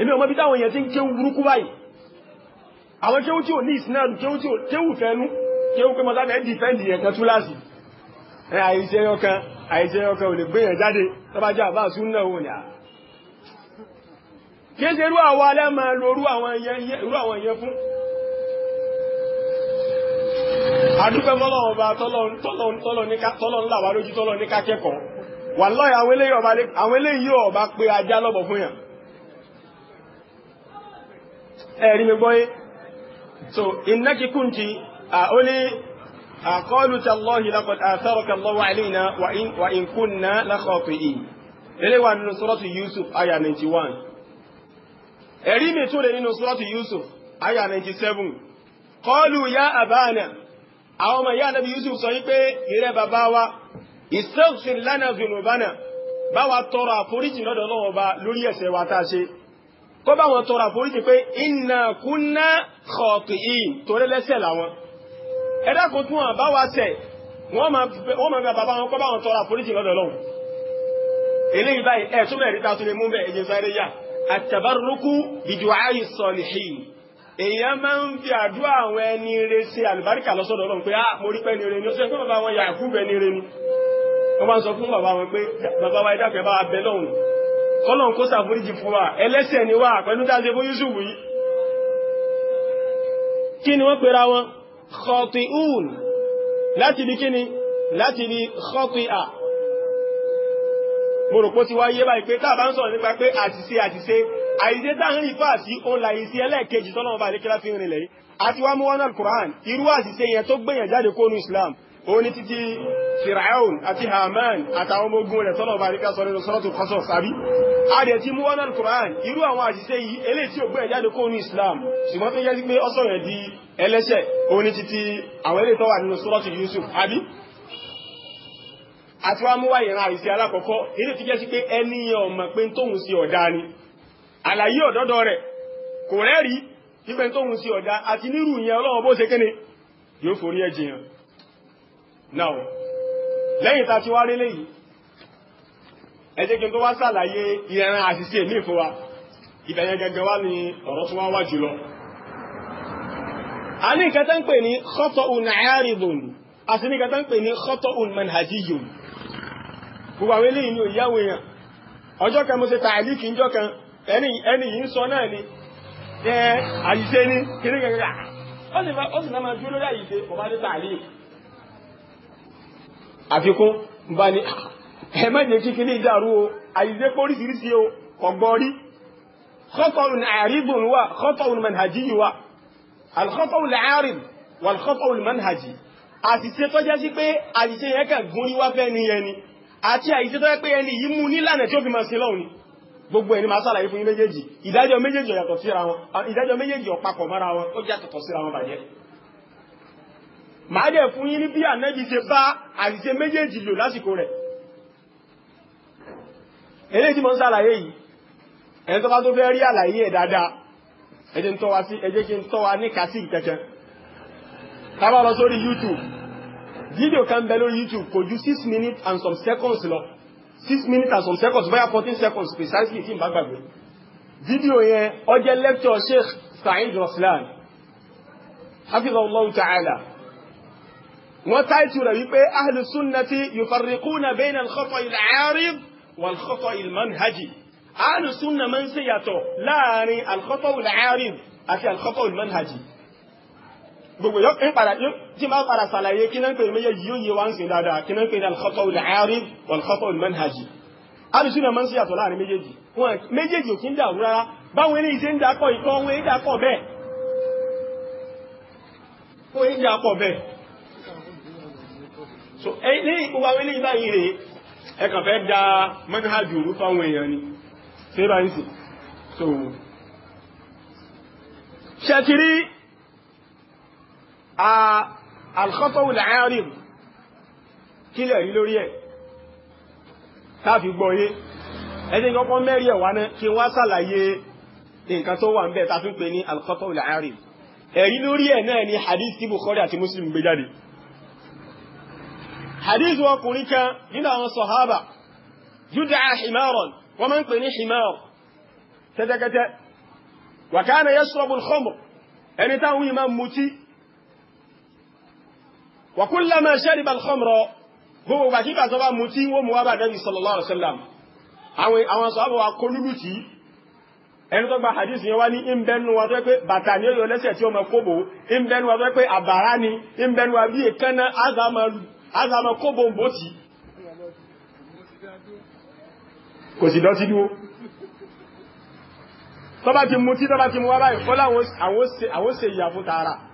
èmi ọmọ bí táwọn èèyàn ti ń kéwú burúkú báyìí àwọn kéwú tí ò ní ìsinadu kéwú tí ò kéwú fẹnu kéwú pé mọ́tà bẹ́ẹ̀ dìfẹ́ǹdì yẹn kan túláàsì ẹ̀ àìṣe ọkàn àìṣe ọkàn ò lè gbé yẹn jáde tọ́bajá àbá àsúnà òun ni ah, kéèsè rú àwọn alẹ́mà lórú àwọn èèyàn fún àdúgbẹ́ mọ́lọ́wọ́ tọ́lọ̀ tọ́lọ̀ ní kákẹ́kọ̀ọ́ wà lọ́yà àwọn eléyìí ọba pé ajá lọ́bọ̀ fún yàn ẹ̀rí mi gbọ́yé so innaki kunti a ó ní àkọlù tallahi laqad wa in kunna Yusuf aya 91 ẹ̀rí mi tún rẹ̀ nínú suratu Yusuf aya 97 kọlu ya abana àwọn ọmọ ìyá anábi Yusuf sọ wípé ìrẹ́ bàbá wa istaghfir lana zunubana bá wa tọrọ àforíjì lọ́dọ̀ lọ́wọ́ ba lórí ẹ̀ṣẹ̀ wa tá a ṣe kó bá wọn tọrọ àforíjì pé inna kunna khati'in torí lẹ́ṣẹ̀ làwọn ẹ̀dá kò tún àbá wa ṣẹ̀ wọ́n máa bẹ bàbá wọn kó bá wọn tọrọ àforíjì lọ́dọ̀ lọ́wọ́ eléyìí báyìí ẹ̀ àtàbárúkú bìdùwáyì sọ̀lìhì èèyàn máa ń fi àdúrà àwọn ẹni rẹ ṣe àlùbáríkà lọ́sọ̀dọ̀ Ọlọ́run pé á ah, mo rí pẹ́ ni rẹ ni ó ṣe pé bàbá wọn yà kú bẹ ni rẹ ni wọ́n bá ń sọ fún bàbá wọn pé bàbá wa ẹ̀dá fẹ́ bá abẹ lọ́hùn kọ́lọ̀ kó ṣàforíjì fún wa ẹlẹ́ṣẹ̀ ni wá pẹ̀lú dáṣe fún Yusuf yìí kí ni wọ́n pera wọn khati'un láti di kí ni láti di khati'a mo rò pé ó ti wáyé báyìí pé táà bá ń sọ̀rọ̀ nípa pé àtìṣe àtìṣe àìṣe táwọn ìfà sí òun là ìṣe ẹlẹ́ẹ̀kejì tọ́lọ́wọ́n bá àdékẹ́lá fi rìnlẹ̀ yìí àti wá mú wọnà Quran irú àṣìṣe yẹn tó gbẹ̀yàn jáde kónú Islam òun ni títí Firaun àti Haman àtàwọn ọmọ ogun rẹ̀ tọ́lọ́wọ́n bá àdékẹ́lá sọ̀rọ̀ sọ́rọ̀tù kọ́sọ̀ sábí adẹ̀ ti mú wọnà Quran irú àwọn àṣìṣe yìí eléyìí tí ó gbẹ̀yàn jáde kónú Islam ṣùgbọ́n tó yẹ sí pé ọsọ̀ yẹn di ẹlẹ́ṣẹ̀ òun ni títí àwọn eléyìí tó wà nínú sọ́rọ̀tù Yusuf àbí àti wá mú wá ìran àìsí alákọ̀ọ́kọ́ ilé ti jẹ́ sí pé ẹni ọmọ pé tóhun sí ọ̀dá ni àlàyé ọ̀dọ́dọ̀ rẹ̀ kò rẹ́rí pípẹ́ tóhun sí ọ̀dá àti nírù ìyẹn ọlọ́wọ́ bó ṣe kéne yóò forí ẹ̀ jìyàn náà lẹ́yìn tá ti wá rí léyìí ẹ jẹ́ kí n tó wá sàlàyé ìran àṣìṣe ní ìfún wa ìbẹ̀yẹn gẹ́gẹ́ wá ní ọ̀rọ̀ tó wá wá jùlọ a ní nǹkan tó ń pè ní khọ́tọ̀ un àárín bòlù a ní nǹkan tó ń pè ní khọ́tọ̀ un manhajiyun gbogbo àwọn eléyìí ni ò yáwó èèyàn ọjọ́ kan mo ṣe tààlíkì ńjọ́ kan ẹni yìí ń sọ náà ni ẹ àyíṣe ní kiri gẹ́gẹ́ ó sì náà máa dúró lórí àyíṣe kò bá dé tààlíkì àfikún bá ní ah! ẹ má jẹ́ kí kiri ìdàrú o àyíṣe póríṣiríṣi o ọgbọ́rí خطأ عارض وخطأ منهجي والخطأ العارض والخطأ المنهجي àṣìṣe tó jẹ́ sí pé àṣìṣe yẹn kàn gúnrí fẹ́ ni yẹn ni àti àìsí tó yẹ pé ẹni yìí mú nílànà tí ó fi máa ṣe lọ́wọ́ ni gbogbo ẹni máa sàlàyé fún yín méjèèjì ìdájọ́ méjèèjì ò yàtọ̀ síra wọn ìdájọ́ méjèèjì ò papọ̀ mọ́ra wọn ó yàtọ̀ síra wọn bàjẹ́ máa dẹ̀ fún yín ní bí ànábì ṣe bá àìsí méjèèjì lò lásìkò rẹ̀ eléyìí tí mo ń sàlàyé yìí ẹni tó bá tó fẹ́ rí àlàyé ẹ̀ dáadáa wa ní kẹ̀kẹ́ lọ fídíò kan bẹ lórí youtube kò ju six minutes and some seconds lọ six minutes and some seconds bóyá fourteen seconds precisely tí n bá gbàgbé fídíò yẹn ó jẹ́ lecture sheikh sa'id raslan hafizallahu ta'ala wọ́n táìtù rẹ̀ wípé ahlu sunnati yufarriquna bayna al-khata al-'arid wal-khata al-manhaji ahlu sunna máa ń ṣe yàtọ̀ láàrin al-khata àti al-khata al gbogbo yọ ń padà tí máa padà sàlàyé kí náà ń pè méjì yóò yé wa ń sìn dáadáa kí náà ń pè ní alxọ́tọ̀ olè àárín alxọ́tọ̀ olè manhaji alùsùn náà máa ń ṣèyàtọ̀ láàrin méjèèjì wọn méjèèjì ò kí ń dà rárá báwọn eléyìí ṣe ń dakọ̀ ikọ̀ wọn èyí dakọ̀ bẹ́ẹ̀ so eléyìí gbogbo àwọn eléyìí báyìí rèé ẹ kàn fẹ́ da manhaji òru fáwọn èèyàn ni ṣé báyìí so ṣètìrí alkhọ́tọ̀wò láàárín kílẹ̀ rí lórí ẹ̀ táàfi gbọ́yé ẹni kọ́kọ́ mẹ́rí ẹ̀wà náà kí wá sàlàyé nǹkan tó wà ń bẹ̀ tàtún pè ní alkhọ́tọ̀wò láàárín ẹ̀rí lórí ẹ̀ náà ni hadith tí Bukhari àti Muslim gbé jáde hadith wọn kùnrin kan nínú àwọn sọ̀hábà yúdà himaron wọ́n máa ń pè ní himar tẹ́tẹ́kẹ́tẹ́ wà káà na yashrabu ẹni táwọn yìí máa mutí wa kullama shariba al-khamra gbogbo gbà kíkà tó bá mú tí wọ́n mú wá bá Nabi sallallahu alaihi wasallam àwọn sọ́bọ̀ wa kó lúlù tí ẹni tó gba hadith yẹn wá ní ìbẹ́nu wa tó pé bàtà ní oyò lẹ́sẹ̀ tí ó mọ kóbò wa tó pé àbàrá ni ìbẹ́nu wa bí èkánná azàmọ kóbò bó kò sì dọ́tí dúó tó ti mú tí ti mú wá báyìí fọ́lá àwọn ṣe ìyà tààrà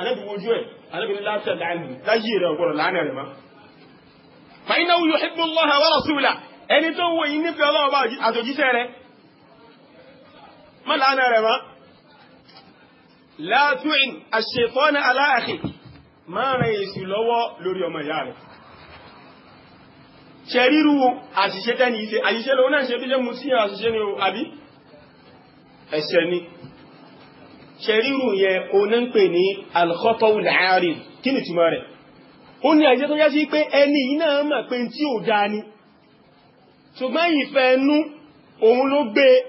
anabi wojú ẹ̀ anabi ní láti láàánú láyé rẹ̀ ọ̀gbọ́dọ̀ láàánú rẹ̀ mọ́. fàyínà wúyọ ẹgbẹ́ wọn àwọn rasúlà ẹni tó wọ yìí nífẹ̀ẹ́ ọlọ́wọ́ bá àtòjíṣẹ́ rẹ̀ má láàánú rẹ̀ mọ́. látúwìn àṣetọ́nà aláàkì máa rẹ̀ èsì lọ́wọ́ lórí ọmọ ìyá rẹ̀. ṣẹ̀ríru àṣìṣe tẹ́ni ìṣe àṣìṣe lòun náà ṣe bí jẹ́ mu sí àṣìṣe ni o àbí ẹ̀ṣẹ̀ ni ṣẹ̀ríru yẹn oná ń pè ní alkhọ́tọ́wù láàárí kí ni túmọ̀ rẹ̀ ó ní àìsẹ́ tó yá sí pé ẹni yìí mà pé tí ò dáa ni ṣùgbọ́n ìfẹ́ ẹnu òun ló gbé e,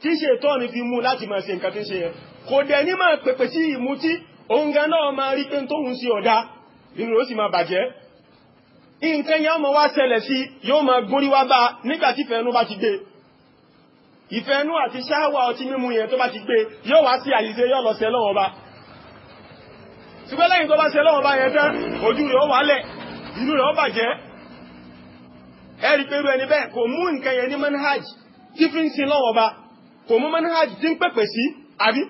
tí ṣètọ́ni fi mú láti máa ṣe nǹkan tí ń ṣe yẹn kò dẹ̀ ní máa pèpè sí ìmutí òun gan náà máa rí pé tóun sí ọ̀dá nínú ó sì máa bàjẹ́ nǹkan yẹn ọmọ wá ṣẹlẹ̀ sí yóò máa gúnrí bá nígbà tí ìfẹ́ ẹnu bá ti gbé ìfẹ́ inú àti ṣáwà ọtí mímu yẹn tó bá ti gbé yóò wá sí àyíṣe yóò lọ sẹ́lọ́wọ́ ọba ṣùgbọ́n lẹ́yìn tó bá sẹ́lọ́wọ́ ọba yẹn tán ojú rẹ̀ ó wálẹ̀ inú rẹ̀ ó bàjẹ́ ẹ̀rí pẹ̀lú ẹni bẹ́ẹ̀ kò mú nǹkan yẹn ní manhaj tí fi ń sin lọ́wọ́ ọba kò mú manhaj tí ń pèpè sí àbí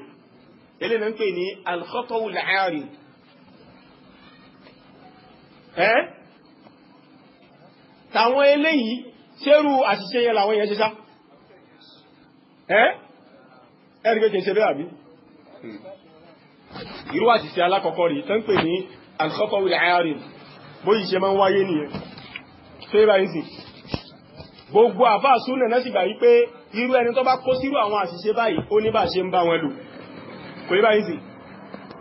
ilé náà ń pè ní alkhọ́tọ̀wù làárín ẹ́ tàwọn eléyìí ṣerú àṣìṣe yẹn làwọn yẹn ṣe ẹ̀rí pé kì í ṣe bẹ́ẹ̀ àbí hmm. irú àṣìṣe alákọ̀ọ́kọ́ rí tán pè ní alkhọ́kọ́ wíl àárín bóyí ṣe máa ń wáyé nìyẹn fẹ́ra ń sìn gbogbo àfáà súnà náà sì gbà yí pé irú ẹni tó bá kó sírú àwọn àṣìṣe báyìí ó ní bá ṣe ń bá wọn lò kò yí báyìí sìn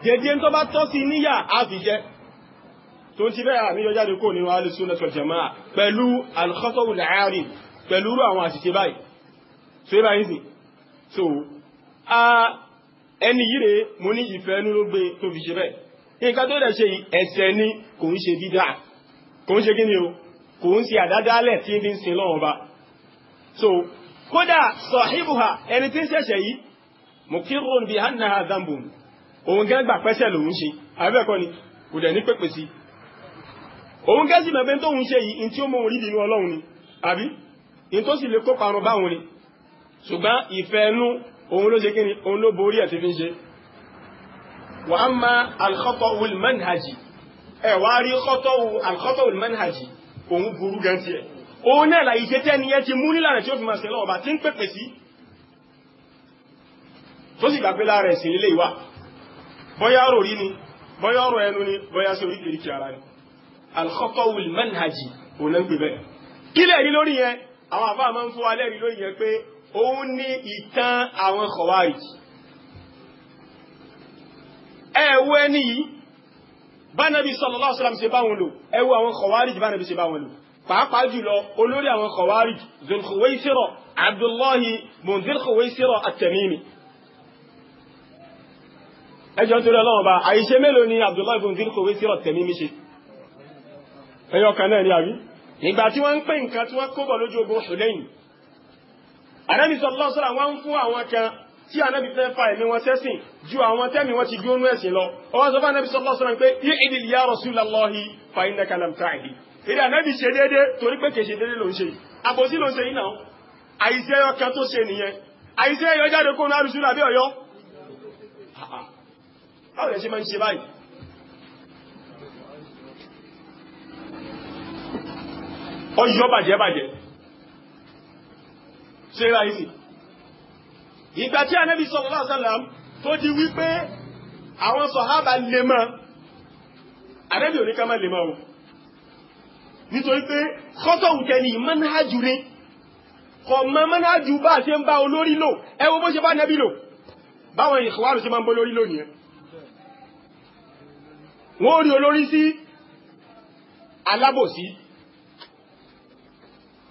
jẹjẹ tó bá tọ́ sí níyà á fi jẹ tó ti bẹ́ẹ̀ àmì yọ jáde kó nínú alẹ́ súnà tó jẹ pẹ̀lú alkhọ́kọ́ wíl pẹ̀lú irú àwọn àṣìṣe báyìí fẹ́ra ń sìn so ẹni yìí rèé mo ní ìfẹ́ inú ló gbé tó fi ṣe bẹ́ẹ̀ nǹkan tó dẹ̀ ṣe ẹ̀ṣẹ̀ ni kò ń ṣe bídà kò ń ṣe kí ni o kò ń ṣe àdádálẹ̀ tí ń fi ń sin lọ́wọ́ ba so kódà sọ̀híbùhà ẹni tí ń ṣẹ̀ṣẹ̀ yìí mukirun bi annaha dhanbun òun gẹ́ gbà pẹ́sẹ̀ lòun ṣe àbẹ́ẹ̀kọ́ ni kò dẹ̀ ní pèpè sí òun gẹ́ sì mẹ́bẹ́ tóun ṣe yìí ní tí ó mọ orí ṣùgbọ́n ìfẹ́ ẹnu òun ló ṣe kí ni òun ló borí ẹ̀ ti fi ń ṣe wa amma al-khata'u al-manhaji ẹ̀ wá rí al-khata'u al-manhaji òun burú gan tiẹ̀ òun náà là ìṣe tẹ́ niyẹn ti mú nílànà tí ó fi máa ṣe lọ́wọ́ bá ti ń pèpè sí tó sì gbàgbé lára ẹ̀sìn ilé ìwà bóyá ọ̀rọ̀ rí ni bóyá ọ̀rọ̀ ẹnu ni bóyá sí oríkèríkè ara ni al-khata'u manhaji òun náà ń gbé bẹ́ẹ̀ kílẹ̀ rí lórí yẹn àwọn àfáà máa ń fún wa lẹ́rìí lórí yẹn pé òun ni ìtàn àwọn kọ̀wárì ẹ̀wọ́ ẹni yìí bánabi sallallahu alaihi wasallam ṣe bá wọn lò ẹ̀wọ́ àwọn kọ̀wárì bánabi ṣe bá wọn lò pàápàá jùlọ olórí àwọn kọ̀wárì zulkhuwaisiro abdullahi munzilkhuwaisiro at-tamimi ẹjọ́ nítorí ọlọ́run bá àìṣe mélòó ni abdullahi munzilkhuwaisiro at-tamimi ṣe ẹyọ kan náà ni àrí nígbà tí wọ́n ń pè nǹkan tí wọ́n kóbọ̀ lójú ogun Hunain Ànábì sallallahu alaihi wasallam wá ń fún àwọn kan tí Ànábì fẹ́ fa ẹ̀mí wọn sẹ́sìn ju àwọn tẹ́mi wọn ti dúró nú ẹ̀sìn lọ. Ó wá sọ fún Ànábì sallallahu alaihi wasallam pé i'dil ya Rasulallahi fa innaka lam ta'dil. Èdè Ànábì ṣe déédéé torí pé kèṣe déédéé ló ń ṣe yìí. Àbòsí ló ń ṣe yìí náà. Àìsí ẹyọ kan tó ṣe nìyẹn. Àìsí ẹyọ jáde kó nú àrùsùn àbí ọ̀yọ́. Báwo lẹ ṣe máa ń ṣe báyìí? Ọyọ́ bàjẹ́ bàjẹ́ ṣe ra ìsìn ìgbà tí anábì sallallahu alaihi wasallam tó di wípé àwọn sọ̀hábà lè mọ́ anábì ò ní ká má lè mọ́ o nítorí pé kọ́tọ̀hùn tẹ́ni manhajù ni kọ̀ mọ́ manhajù bá ṣe ń bá olórí lò ẹ wo bó ṣe bá anábì lò báwọn ìṣòwárò ṣe máa ń bó lórí lò nìyẹn wọ́n rí olórí sí alábòsí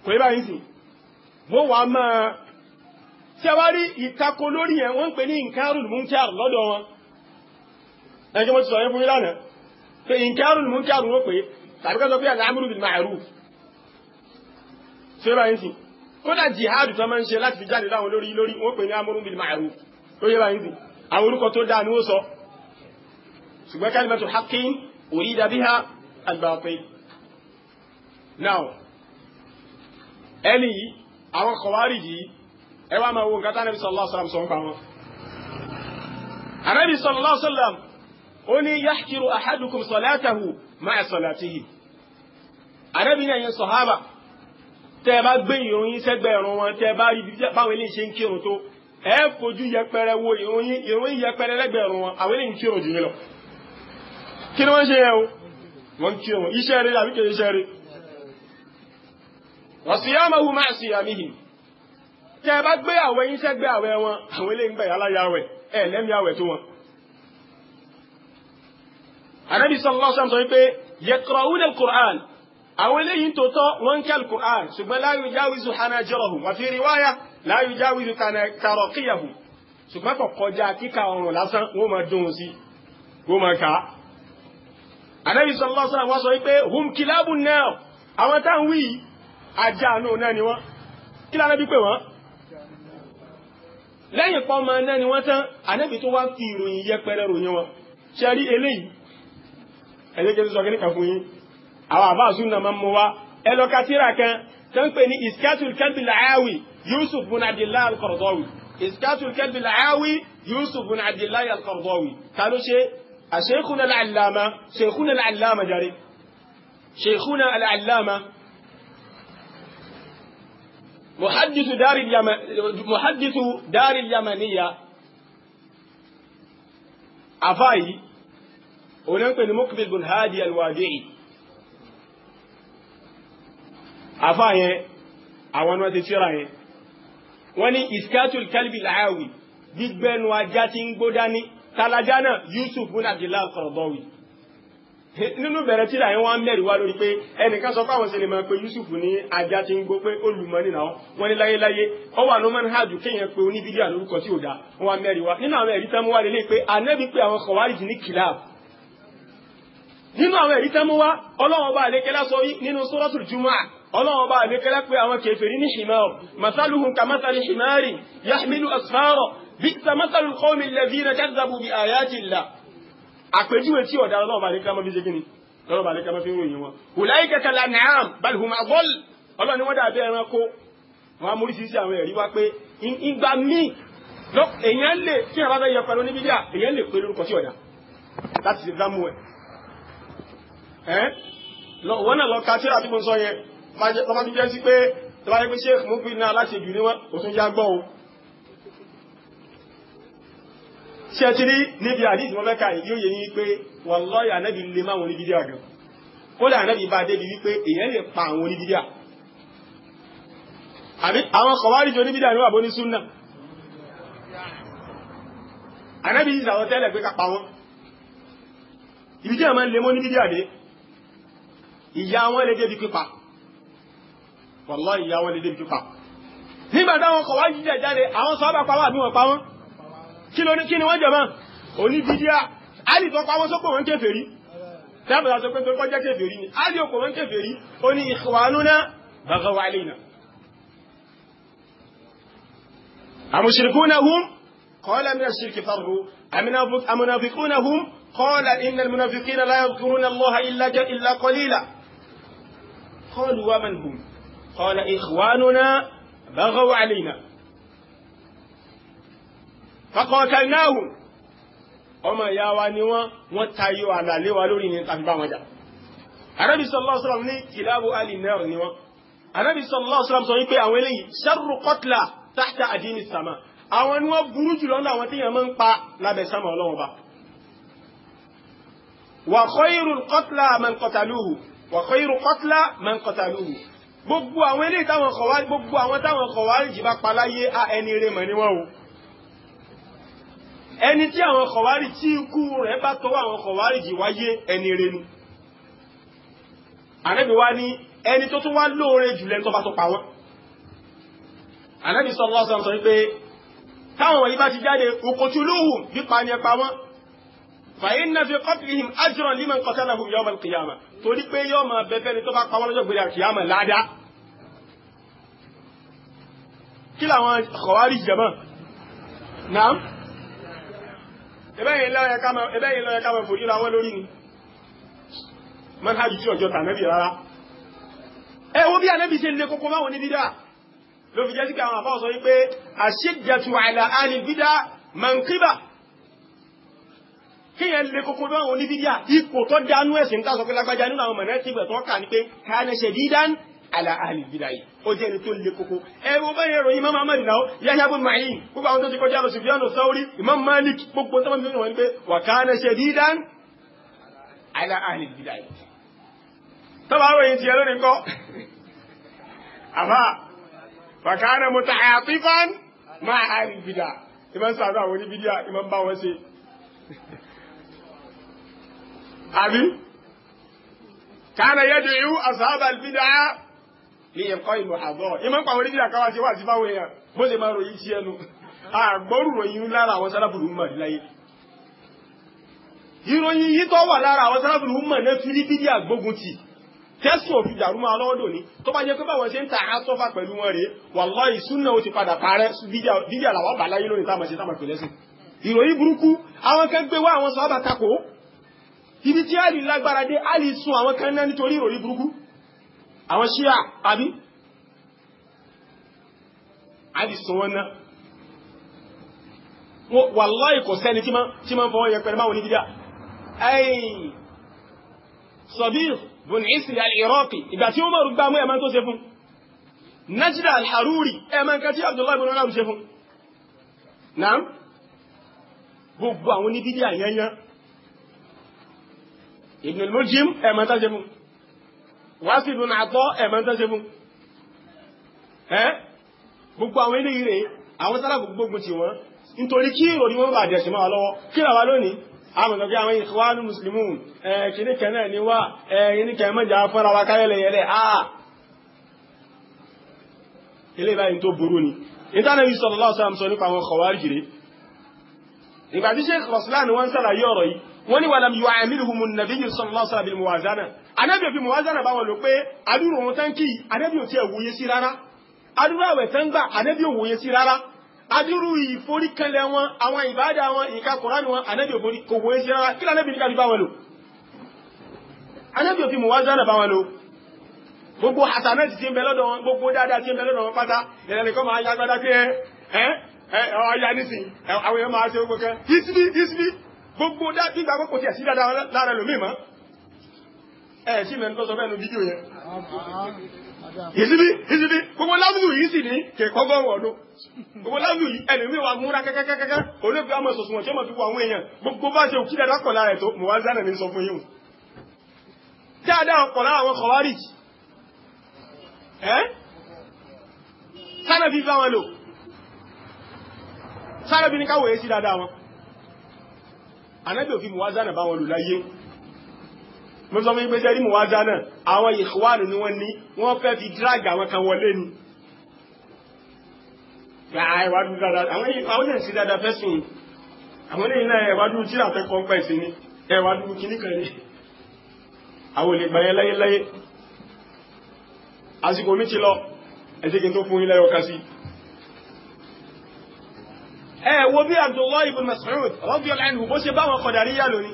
kò báyìí sìn wọ́n wá máa tí a wá rí ìtakò lórí ẹ̀ wọ́n ń pè ní ìkárùn múnkíàr lọ́dọ̀ wọn ẹgbẹ́ mọ́ ti sọ̀rọ̀ fún ìlànà pé ìkárùn múnkíàr wọ́n pè tàbí kọ́ sọ pé àmúrù bil ma'ruf ṣe báyìí sí kódà jihadu tó máa ń ṣe láti fi jáde láwọn lórí lórí wọ́n pè ní àmúrù bil ma'ruf tó yẹ báyìí sí àwọn orúkọ tó dáa ni ó sọ ṣùgbọ́n kalimatu haqqin urida biha al-batil now ẹni yìí àwọn kọ̀wárìjì ẹ wá máa wo nǹkan tá ànábì sallallahu alaihi wasallam sọ ń pa wọn. ànábì sallallahu alaihi wasallam ó ní yahkiru ahadukum salatahu ma'a salatihi. ànábì náà yẹn sọ̀hábà tẹ́ ẹ bá gbé ìròyìn sẹ́gbẹ̀ẹ́ ìrun wọn tẹ́ ẹ bá rí báwọn eléyìí ṣe ń kírun tó ẹ fojú yẹpẹrẹ wo ìròyìn ìròyìn yẹpẹrẹ lẹ́gbẹ̀ẹ́ ìrun wọn àwọn eléyìí ń kírun jù mí lọ. kí ni wọ́n ṣe yẹn o wọ́n ń kírun iṣẹ́ rẹ̀ àbí kì ṣe rẹ̀ wọ́n sì yá máa wù máa sì àmì hì tẹ́ ẹ bá gbé àwẹ̀ yín sẹ́gbẹ́ àwẹ̀ wọn àwọn eléyìí ń gbà yàrá ya àwẹ̀ ẹ̀ lẹ́mí àwẹ̀ tó wọn. ànábì sallallahu alaihi wasallam sọ wípé yaqra'una al-Qur'an àwọn eléyìí tó tọ́ wọ́n ń kẹ́ al-Qur'an ṣùgbọ́n la yujawizu hanajirahum wa riwaya la yujawizu taraqiyahum ṣùgbọ́n kò kọjá kíka ọrùn lásán wọ́n máa dùn sí wọ́n máa kà á. ànábì sallallahu alaihi wasallam wọ́n sọ wípé hum kilabun nar àwọn táwọn wíyì ajá àánú náà ni wọ́n kí lára bí pé wọ́n lẹ́yìn pọ́ ma náà ni wọ́n tán ànábì tó wá fi ìròyìn yẹpẹrẹ ròyìn wọn ṣe rí eléyìí ẹ̀yẹ́ kí n sọ kí ní kà fún yín àwọn àbáàsù náà máa ń mú wa ẹlọ́kàtìrà kan tó ń pè ní iskatul kalbi la'awi yusuf bin adillah iskatul kalbi la'awi yusuf bin adillah al ṣe àṣekhuna al-allama ṣekhuna al-allama jare ṣekhuna al-allama muhaddisu dari yaman muhaddisu dari yamaniya afaayi onankpe ni mokbil bin hadi alwadi'i afaayi àwọn wọn ti tíra yẹn wọ́n ní iskatul kalbi la'awi gbígbẹ́nu ajá ti ń gbó dání talajana yusuf bin abdullahi al-qaradawi nínú bẹ̀rẹ̀ tíra yẹn wọ́n mẹ́rin wá lórí pé ẹnìkan sọ fáwọn sinimá pé Yusuf ní ajá ti ń gbó pé olùmọ̀ nínà wọn ní láyéláyé ọ wà lómọ ní hajj kéèyàn pé oníbídíà lórúkọ tí ò dá wọn mẹ́rin wá nínú àwọn ẹ̀rí tán mú wá lélẹ̀ pé anẹ́bí pé àwọn kọ̀wárìjì ní kìláàbù nínú àwọn ẹ̀rí tán mú wá ọlọ́wọ́n bá àlékẹ́lá sọ nínú suratul Jumu'ah ọlọ́wọ́ bá àlékẹ́lá pé àwọn kèfèrí ní ṣìmáọ̀ masaluhun ka masali ṣìmáàrì yahmilu asfaro bí sa masalu qawmi alladhina kadzabu bi ayatillah àpèjúwe tí ọ̀dà ọlọ́ọ̀bà ní ká mọ́ fi ṣe kí ni ọlọ́ọ̀bà ní ká mọ́ fi ń ròyìn wọn. wùláyí kẹta la nàám balùwùmá bọ́ọ̀l ọlọ́ọ̀ ni wọ́n dà bí ẹranko wọn amúrísìírísìí àwọn ẹ̀rí wá pé ìgbà míì èèyàn lè tí àwọn abẹ́ yẹ pẹ̀lú níbi díà èèyàn lè pé lórúkọ sí ọ̀dà láti ṣe dámú ẹ̀. wọ́n náà lọ ka tí àti mo sọ yẹn lọ́mọdé ṣe ti rí níbi àdìsí wọn mẹ́ka yìí yóò yẹ ní pé wàlọ́ọ̀yà anábì lè má àwọn oníbídíà gan kódà anábì bá débi wípé èèyàn lè pa àwọn oníbídíà àbí àwọn kọ̀wárí jọ oníbídíà ní wà bó ní súnà anábì yìí sàwọn tẹ́lẹ̀ pé ká pa wọn ibi tí àwọn lè mọ́ oníbídíà dé ìyá wọn lè débi pípa wàlọ́ọ̀ ìyá wọn lè débi pípa nígbà táwọn kọ̀wárí jíjà jáde àwọn sọ́ọ́bà pa wà bí wọ́n pa wọ́n kí ló ní kí ni wọ́n jẹ̀mọ́ oníbídíà alì tó pa wọ́n sókò wọ́n kèfèrí tábìlà sọ pé tó jẹ́ kèfèrí ni alì òkò wọ́n kèfèrí ó ní ikhwanuna baghaw alayna amushrikunahum qala min ash-shirki farru amunafiqunahum qala inna al-munafiqina la yadhkuruna allaha illa qalila qalu wa man hum qala ikhwanuna baghaw alayna fakọtẹnáhùn ọmọ ìyá wa ni wọ́n wọ́n tayọ àlàlé wa lórí ní tàbí bá wọn jà arábì sallallahu alaihi wasallam ní kìláàbù alì náà ni wọ́n arábì sallallahu alaihi wasallam sọ wípé àwọn eléyìí sharru qatla tahta adini sama àwọn ni wọ́n burú jùlọ ní àwọn téèyàn máa ń pa lábẹ́ sámà ọlọ́wọ́n ba wa khayrul qatla man qataluhu wa khayru qatla man qataluhu gbogbo àwọn eléyìí táwọn kọ̀wá gbogbo àwọn táwọn kọ̀wá jìbá pa a ẹni rẹ̀ mọ̀ ni o ẹni tí àwọn kọ̀wárì tí ikú rẹ̀ bá tọwọ́ àwọn kọ̀wárì jì wáyé ẹni renu ànábì wá ní ẹni tó tún wá lóore jùlẹ tó bá tó pa wọ́n ànábì sallallahu alaihi wasallam pé táwọn yìí bá ti jáde uqtuluhu nípa ni ẹ pa wọ́n fa fi qatlihim ajran liman qatalahum yawm al-qiyamah torí pé ẹbẹ́yìn lọ́yẹ káàmà fòrí ra wọ́n lórí ni manhajj tí ọjọ́ tànẹ́bì rárá ẹ wo bí anẹ́bì ṣe lè kókó máwọn ní bídá ló fi jẹ́ sí pé àwọn sọ wípé àṣíjẹtù àìlà àní bídá mankiba kí yẹn lè kókó máwọn ní bídá ipò tó dánú ẹ̀sìn tásọ pé lágbájá nínú àwọn على أهل البدع أجل تلككو أبو بكر إمام أحمد ناو يحيى بن معين بقى عنده تكوت على سفيان الثوري إمام مالك بقى بنت من بنت وين وكان شديدا على أهل البدع طبعا وين سيالون إنكو أبا وكان متعاطفا مع أهل البدع إمام سعداء ولي بدع إمام باوسي أبي كان يدعو أصحاب البدع ní ẹ̀kọ́ ìlú àbọ̀ ìmọ̀ ń pàwọn orílẹ̀ àkáwà tí wà sí fáwọn èèyàn bó ṣe máa ròyìn sí ẹnu àgbọ́rù ròyìn lára àwọn sálábùrù mọ̀ níláyé ìròyìn yìí tó wà lára àwọn sálábùrù mọ̀ ní filipidi àgbógun ti tẹ́sùn òfin dàrúmọ́ alọ́dọ̀ ni tó bá jẹ́ pé báwọn ṣe ń ta asọ́fà pẹ̀lú wọn rèé wàláhì súnà ó ti padà parẹ́ bídíà làwọn bà láyé lónìí táwọn ṣe táwọn pèlẹ́ sí ìròyìn burúkú àwọn kan gbé wá àwọn sọ́ọ́bà takò ibi tí àlì àwọn ṣíà àbí àti sọ wọn náà wàláì kò sẹ́ni tí ma ń fọwọ́ yẹpẹrẹ máa ní dídá ẹ̀yìn Sabir bùn Isri al-Iraqi ìgbà tí Umar gbá mú ẹ̀mọ́ tó ṣe fún Najda al-Haruri ẹ̀mọ́ nǹkan tí Abdullahi bùn Umar ṣe fún náà gbogbo àwọn ní dídá yẹnyẹn Ibn al-Muljim ẹ̀mọ́ tó ṣe fún wá sí ìdúnà àtọ́ ẹ̀mọ́ tó ṣe fún ẹ́ gbogbo àwọn ilé ire àwọn sálàbù gbogbo ti wọ́n nítorí kí ìròrí wọn bà dẹ̀sùn máa lọ́wọ́ kí làwà lónìí àmọ̀tọ̀ bí àwọn ìwánú mùsùlùmù kìíní kẹ́nà ní wá ẹ̀yìn kẹ́mẹ́jà fọ́nra wa káyẹ̀lẹ̀ yẹlẹ̀ àà ilé ìbáyìí tó burú ni ìtànàbí sallallahu alaihi wasallam sọ nípa àwọn khawarij ìgbà tí sheikh rasulan wọn sàlàyé ọ̀rọ̀ yìí wọ́n ni wàlàm yóò àmìlùhùmù anábì òfin mọ̀wázánà bá wọn lò pé adúrò wọn tán kí anábì ò tí ẹ̀ wòye sí rárá adúrò àwẹ̀ tán gbà anábì ò wòye sí rárá adúrò ìforíkẹlẹ̀ wọn àwọn ìbádà wọn ìka kọ̀ránì wọn anábì kò wòye sí rárá kí anábì nígbà bá wọn lò anábì òfin mọ̀wázánà bá wọn lò gbogbo hasanẹ́tì tí ń bẹ lọ́dọ̀ wọn gbogbo dáadáa tí ń bẹ lọ́dọ̀ wọn pátá ìrẹ̀lẹ̀kọ́ máa yá gbádá pé ẹ ọ̀ya nísìn àwọn èèyàn máa ṣe gbogbo kan ìsìbí ìsìbí gbogbo dáadáa gbogbo tí ẹ̀ sí dáadáa lára ẹlòmíì mọ́ ẹ̀ sí mẹ́rin tó sọ bẹ́ẹ̀ nu fídíò yẹn ìsibí ìsibí gbogbo lábùlù yìí sì ní kẹkọgọrùn ọdún gbogbo lábùlù yìí ẹni mi wà múra kẹkẹkẹkẹ olóògbé àmọ́ sọsùn wọn tí wọn fi wọ àwọn èèyàn gbogbo bá ṣe òkìlẹ dákọ lára ètò mọ wá zánà ní sọ fún yìí dáadáa ọkọ lára àwọn kọwárì ẹ sára fi bá wọn lò sára fi ní káwọ yẹn sí dáadáa wọn anábì òfin mọ wá zánà bá wọn lò láyé mo sọ fún yín pé ṣe rí mùwájá náà àwọn ìhùwánù ni wọ́n ní wọ́n fẹ́ fi drag àwọn kan wọlé ni. ìwádùú dáadáa àwọn yẹn sì dáadáa fẹ́ sùn àwọn eléyìí náà ìwádùú tí àfẹ́ kọ́ńpẹ́ sí ni ìwádùú kìíní kan ni àwọn olè gbàyẹn láyéláyé àsìkò mi ti lọ ẹ̀jẹ̀ kí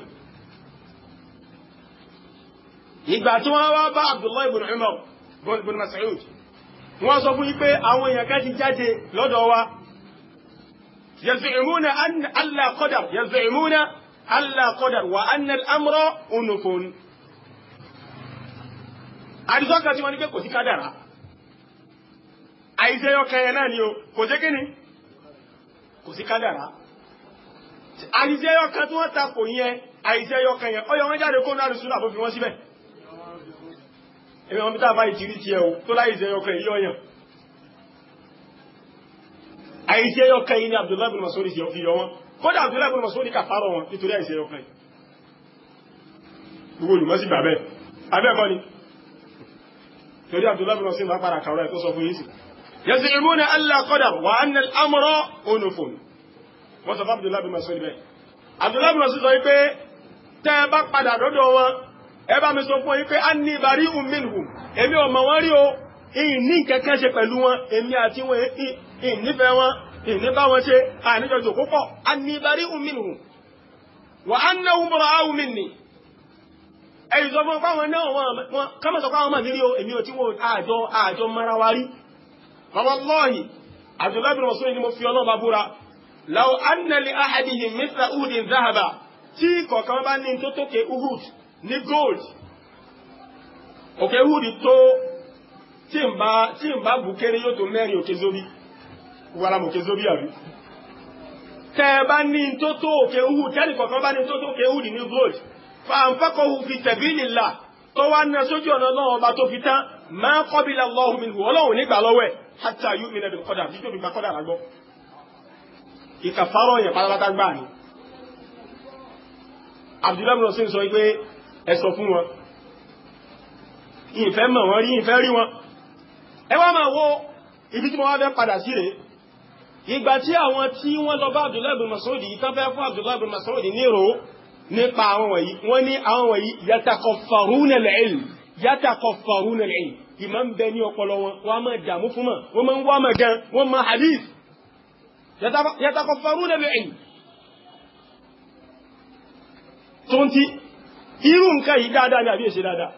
n ìgbà tí wọ́n wá bá Abdullahi ibn Umar ibn Mas'ud wọ́n sọ fún yí pé àwọn èèyàn kan ti jáde lọ́dọ̀ wa yaz'umuna alla qadar yaz'umuna alla qadar wa anna al-amra unufun àdìsọ́kà tí wọ́n ní pé kò sí kádàrá àìsẹ́yọ kẹyẹ náà ni o kò jẹ́ kí ni kò sí kádàrá àìsẹ́yọ kan tí wọ́n takò yẹn àìsẹ́yọ kẹyẹ ọyọ wọn jáde kó náà rí súnà fún wọ́n síbẹ̀ ẹ̀mí wọn bí tá a bá ìtìrí tiẹ̀ o tó láì ṣe ẹyọkàn yìí ọ̀yàn àìṣe ẹyọkàn yìí ni Abdullahi bin Mas'ud ṣe fi yọ wọn kódà Abdullahi bin Mas'ud kàfàrọ̀ wọn nítorí àìṣe ẹyọkàn yìí gbogbo olùmọ́ sí bàbẹ́ abẹ́ẹ̀kọ́ ni torí Abdullahi bin Mas'ud máa padà kàwọ́ ẹ̀ tó sọ fún yìí sí yẹsẹ̀ ìmú ni Allah qadar wà á nà amọ̀rọ̀ onufun wọ́n sọ fún Abdullahi bin Mas'ud bẹ́ẹ̀ Abdullahi bin Mas'ud sọ pé tẹ́ ẹ bá padà dọ́dọ̀ wọn ẹ bá mi sọ fún yín pé a ní ìbárí minhum èmi ò mọ̀ wọ́n rí o ìyìn ní kẹ́kẹ́ ṣe pẹ̀lú wọn èmi àti wọn ìyìn nífẹ̀ẹ́ wọn ìyìn ní bá wọn ṣe àìníjọjọ púpọ̀ a ní ìbárí minhum wà á náwó mọ́ra áwù mi nì ẹ̀yìn sọ fún fáwọn náà wọn kọ́mọ̀ sọ fáwọn mọ̀mí rí o èmi ò tí wọn àjọ àjọ mara wa rí tí kọ̀ọ̀kan bá ní tó tókè uhud ní gold òkè wúdi tó tí n bá tí n bá bù kéré yóò tó mẹ́rin òkè zóbi wàrà mòkè zóbi àbí tẹ́ ní tó òkè wú tẹ́lì kọ̀ọ̀kan bá ní tó òkè wú ní gold fàǹfàkọ̀hù fi sabilillah tó wá ná sójú ọ̀nà náà ọba tó fi tán máa ọlọ́run nígbà lọ́wọ́ ẹ̀ ẹ sọ fún wọn ìfẹ́ mọ̀ wọ́n rí ìfẹ́ rí wọn ẹ wá máa wo ibi tí mo wá fẹ́ padà sí rèé ìgbà tí àwọn tí wọ́n lọ bá Abdullahi bin Mas'ud ìtàn fẹ́ fún Abdullahi bin Mas'ud nírò nípa àwọn wọ̀nyí wọ́n ní àwọn wọ̀nyí yatakọ̀fàrún al tó ń ti irú nǹkan yìí dáadáa ní àbí èṣe dáadáa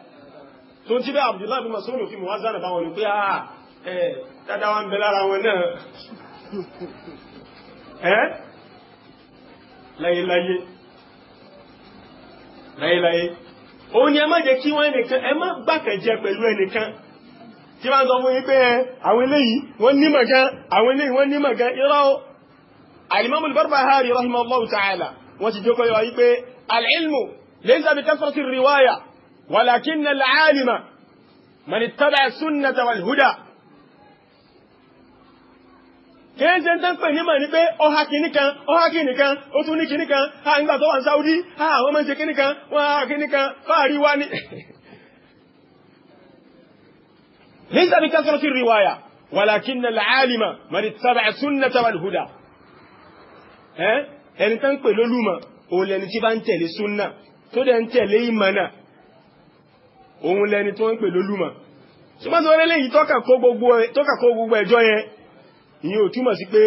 tó ti bẹ́ Abdullahi bin Mas'ud òfin muwazana báwọn ni pé àà ah, ẹ̀ dáadáa wá ń bẹ lára wọn náà ẹ́ láyéláyé láyéláyé òun ni ẹ má jẹ́ kí wọ́n ẹnìkan ẹ má gbàkẹ̀jẹ pẹ̀lú ẹnìkan tí wọ́n sọ fún yín pé àwọn eléyìí wọ́n nímọ̀ gan àwọn eléyìí wọ́n nímọ̀ gan irọ́ Al-Imam al ta'ala wọ́n ti jókòó yọ wípé al-ilmu ليس بكثره الروايه ولكن العالم من اتبع السنه والهدى كيف تنفهم هما نبي او هاكينيكا او هاكينيكا او تونيكينيكا ها انغا تو ان سعودي ها هو من جيكينيكا وا هاكينيكا فاري واني ليس بكثرة الرواية ولكن العالم من اتبع السنة والهدى ها هل يعني تنقل لوما او لنتي بان تيلي سنه tó dẹ̀ ń tẹ̀lé ìmọ̀nà òun lẹni tó ń pè lólùmọ̀ ṣùgbọ́n tó rẹ́lẹ̀ yìí tọ́kà kó gbogbo ẹjọ́ yẹn ìyẹn ò túmọ̀ sí pé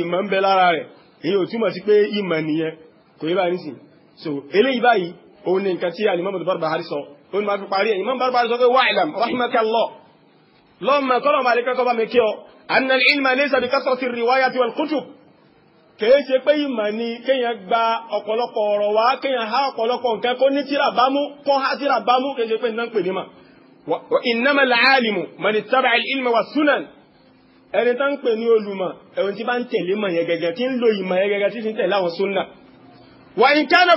ìmọ̀ ń bẹ lára rẹ̀ ìyẹn ò túmọ̀ sí pé ìmọ̀ nìyẹn kò yẹ báyìí nísìn so eléyìí báyìí òun ni nǹkan tí alimọ́ bọ̀dọ̀ bàbá harisọ ó máa fi parí ẹ̀yìn mọ́ bàbá harisọ pé wà ìlàm rahimakallah lọ́mọ kọ́lọ́mọ kèé ṣe pé ìmọ̀ ni kéèyàn gba ọ̀pọ̀lọpọ̀ ọ̀rọ̀ wá kéèyàn há ọ̀pọ̀lọpọ̀ nǹkan kó ní tíra bámú kó há tíra bámú kèé ṣe pé nǹkan pè ní mà. wa innama al-alimu man ittaba'a al ẹni tó ń pè ní olùmọ̀ ẹ̀rùn tí bá ń tẹ̀lé mọ̀ yẹn gẹ́gẹ́ tí ń lo ìmọ̀ yẹn gẹ́gẹ́ tí tẹ̀lé àwọn sunna. wa in kana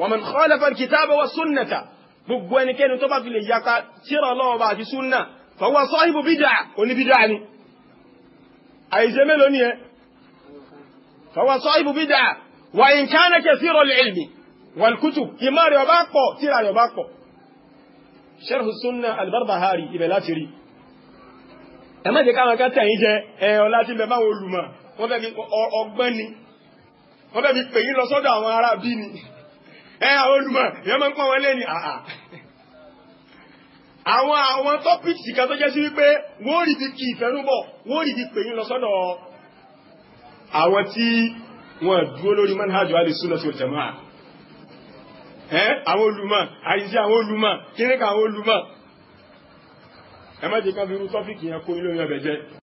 ومن خالف الكتاب والسنة gbogbo ẹnikẹ́ni tó bá fi lè yapa tírà Ọlọ́run bá àti súnà fọwọ́ sọ́hìbù bídà oníbídà ni àìṣe mélòó ni ẹ fọwọ́ sọ́hìbù bídà wà in kana kathira al-ilmi wal-kutub ìmọ̀ rẹ̀ ọba pọ̀ tírà rẹ̀ ọba pọ̀ sharhu súnà al-Barbahari ibẹ̀ láti rí ẹ má jẹ́ káwọn kan tẹ̀yìn jẹ ẹ ọlá tí bẹ báwọn olùmọ̀ wọ́n fẹ́ fi ọgbọ́n ni wọ́n fẹ́ fi pè yín lọ sọ́dọ̀ àwọn ará bí ni ẹ olùmọ̀ èèyàn máa ń pọ̀ wọn lẹ́ni àà ah, ah. àwọn àwọn tọ́pìkì kan tó jẹ́ sí wípé wọ́n rí ti kí ìfẹ́núbọ̀ wọ́n rí ti pè yín lọ sọ́dọ̀ àwọn tí wọ́n dúró lórí manhajj al-sunnah wal jamaa'ah àwọn olùmọ̀ àìsí àwọn olùmọ̀ kíríkà àwọn olùmọ̀ ẹ má jẹ́ ká fi irú tọ́pìkì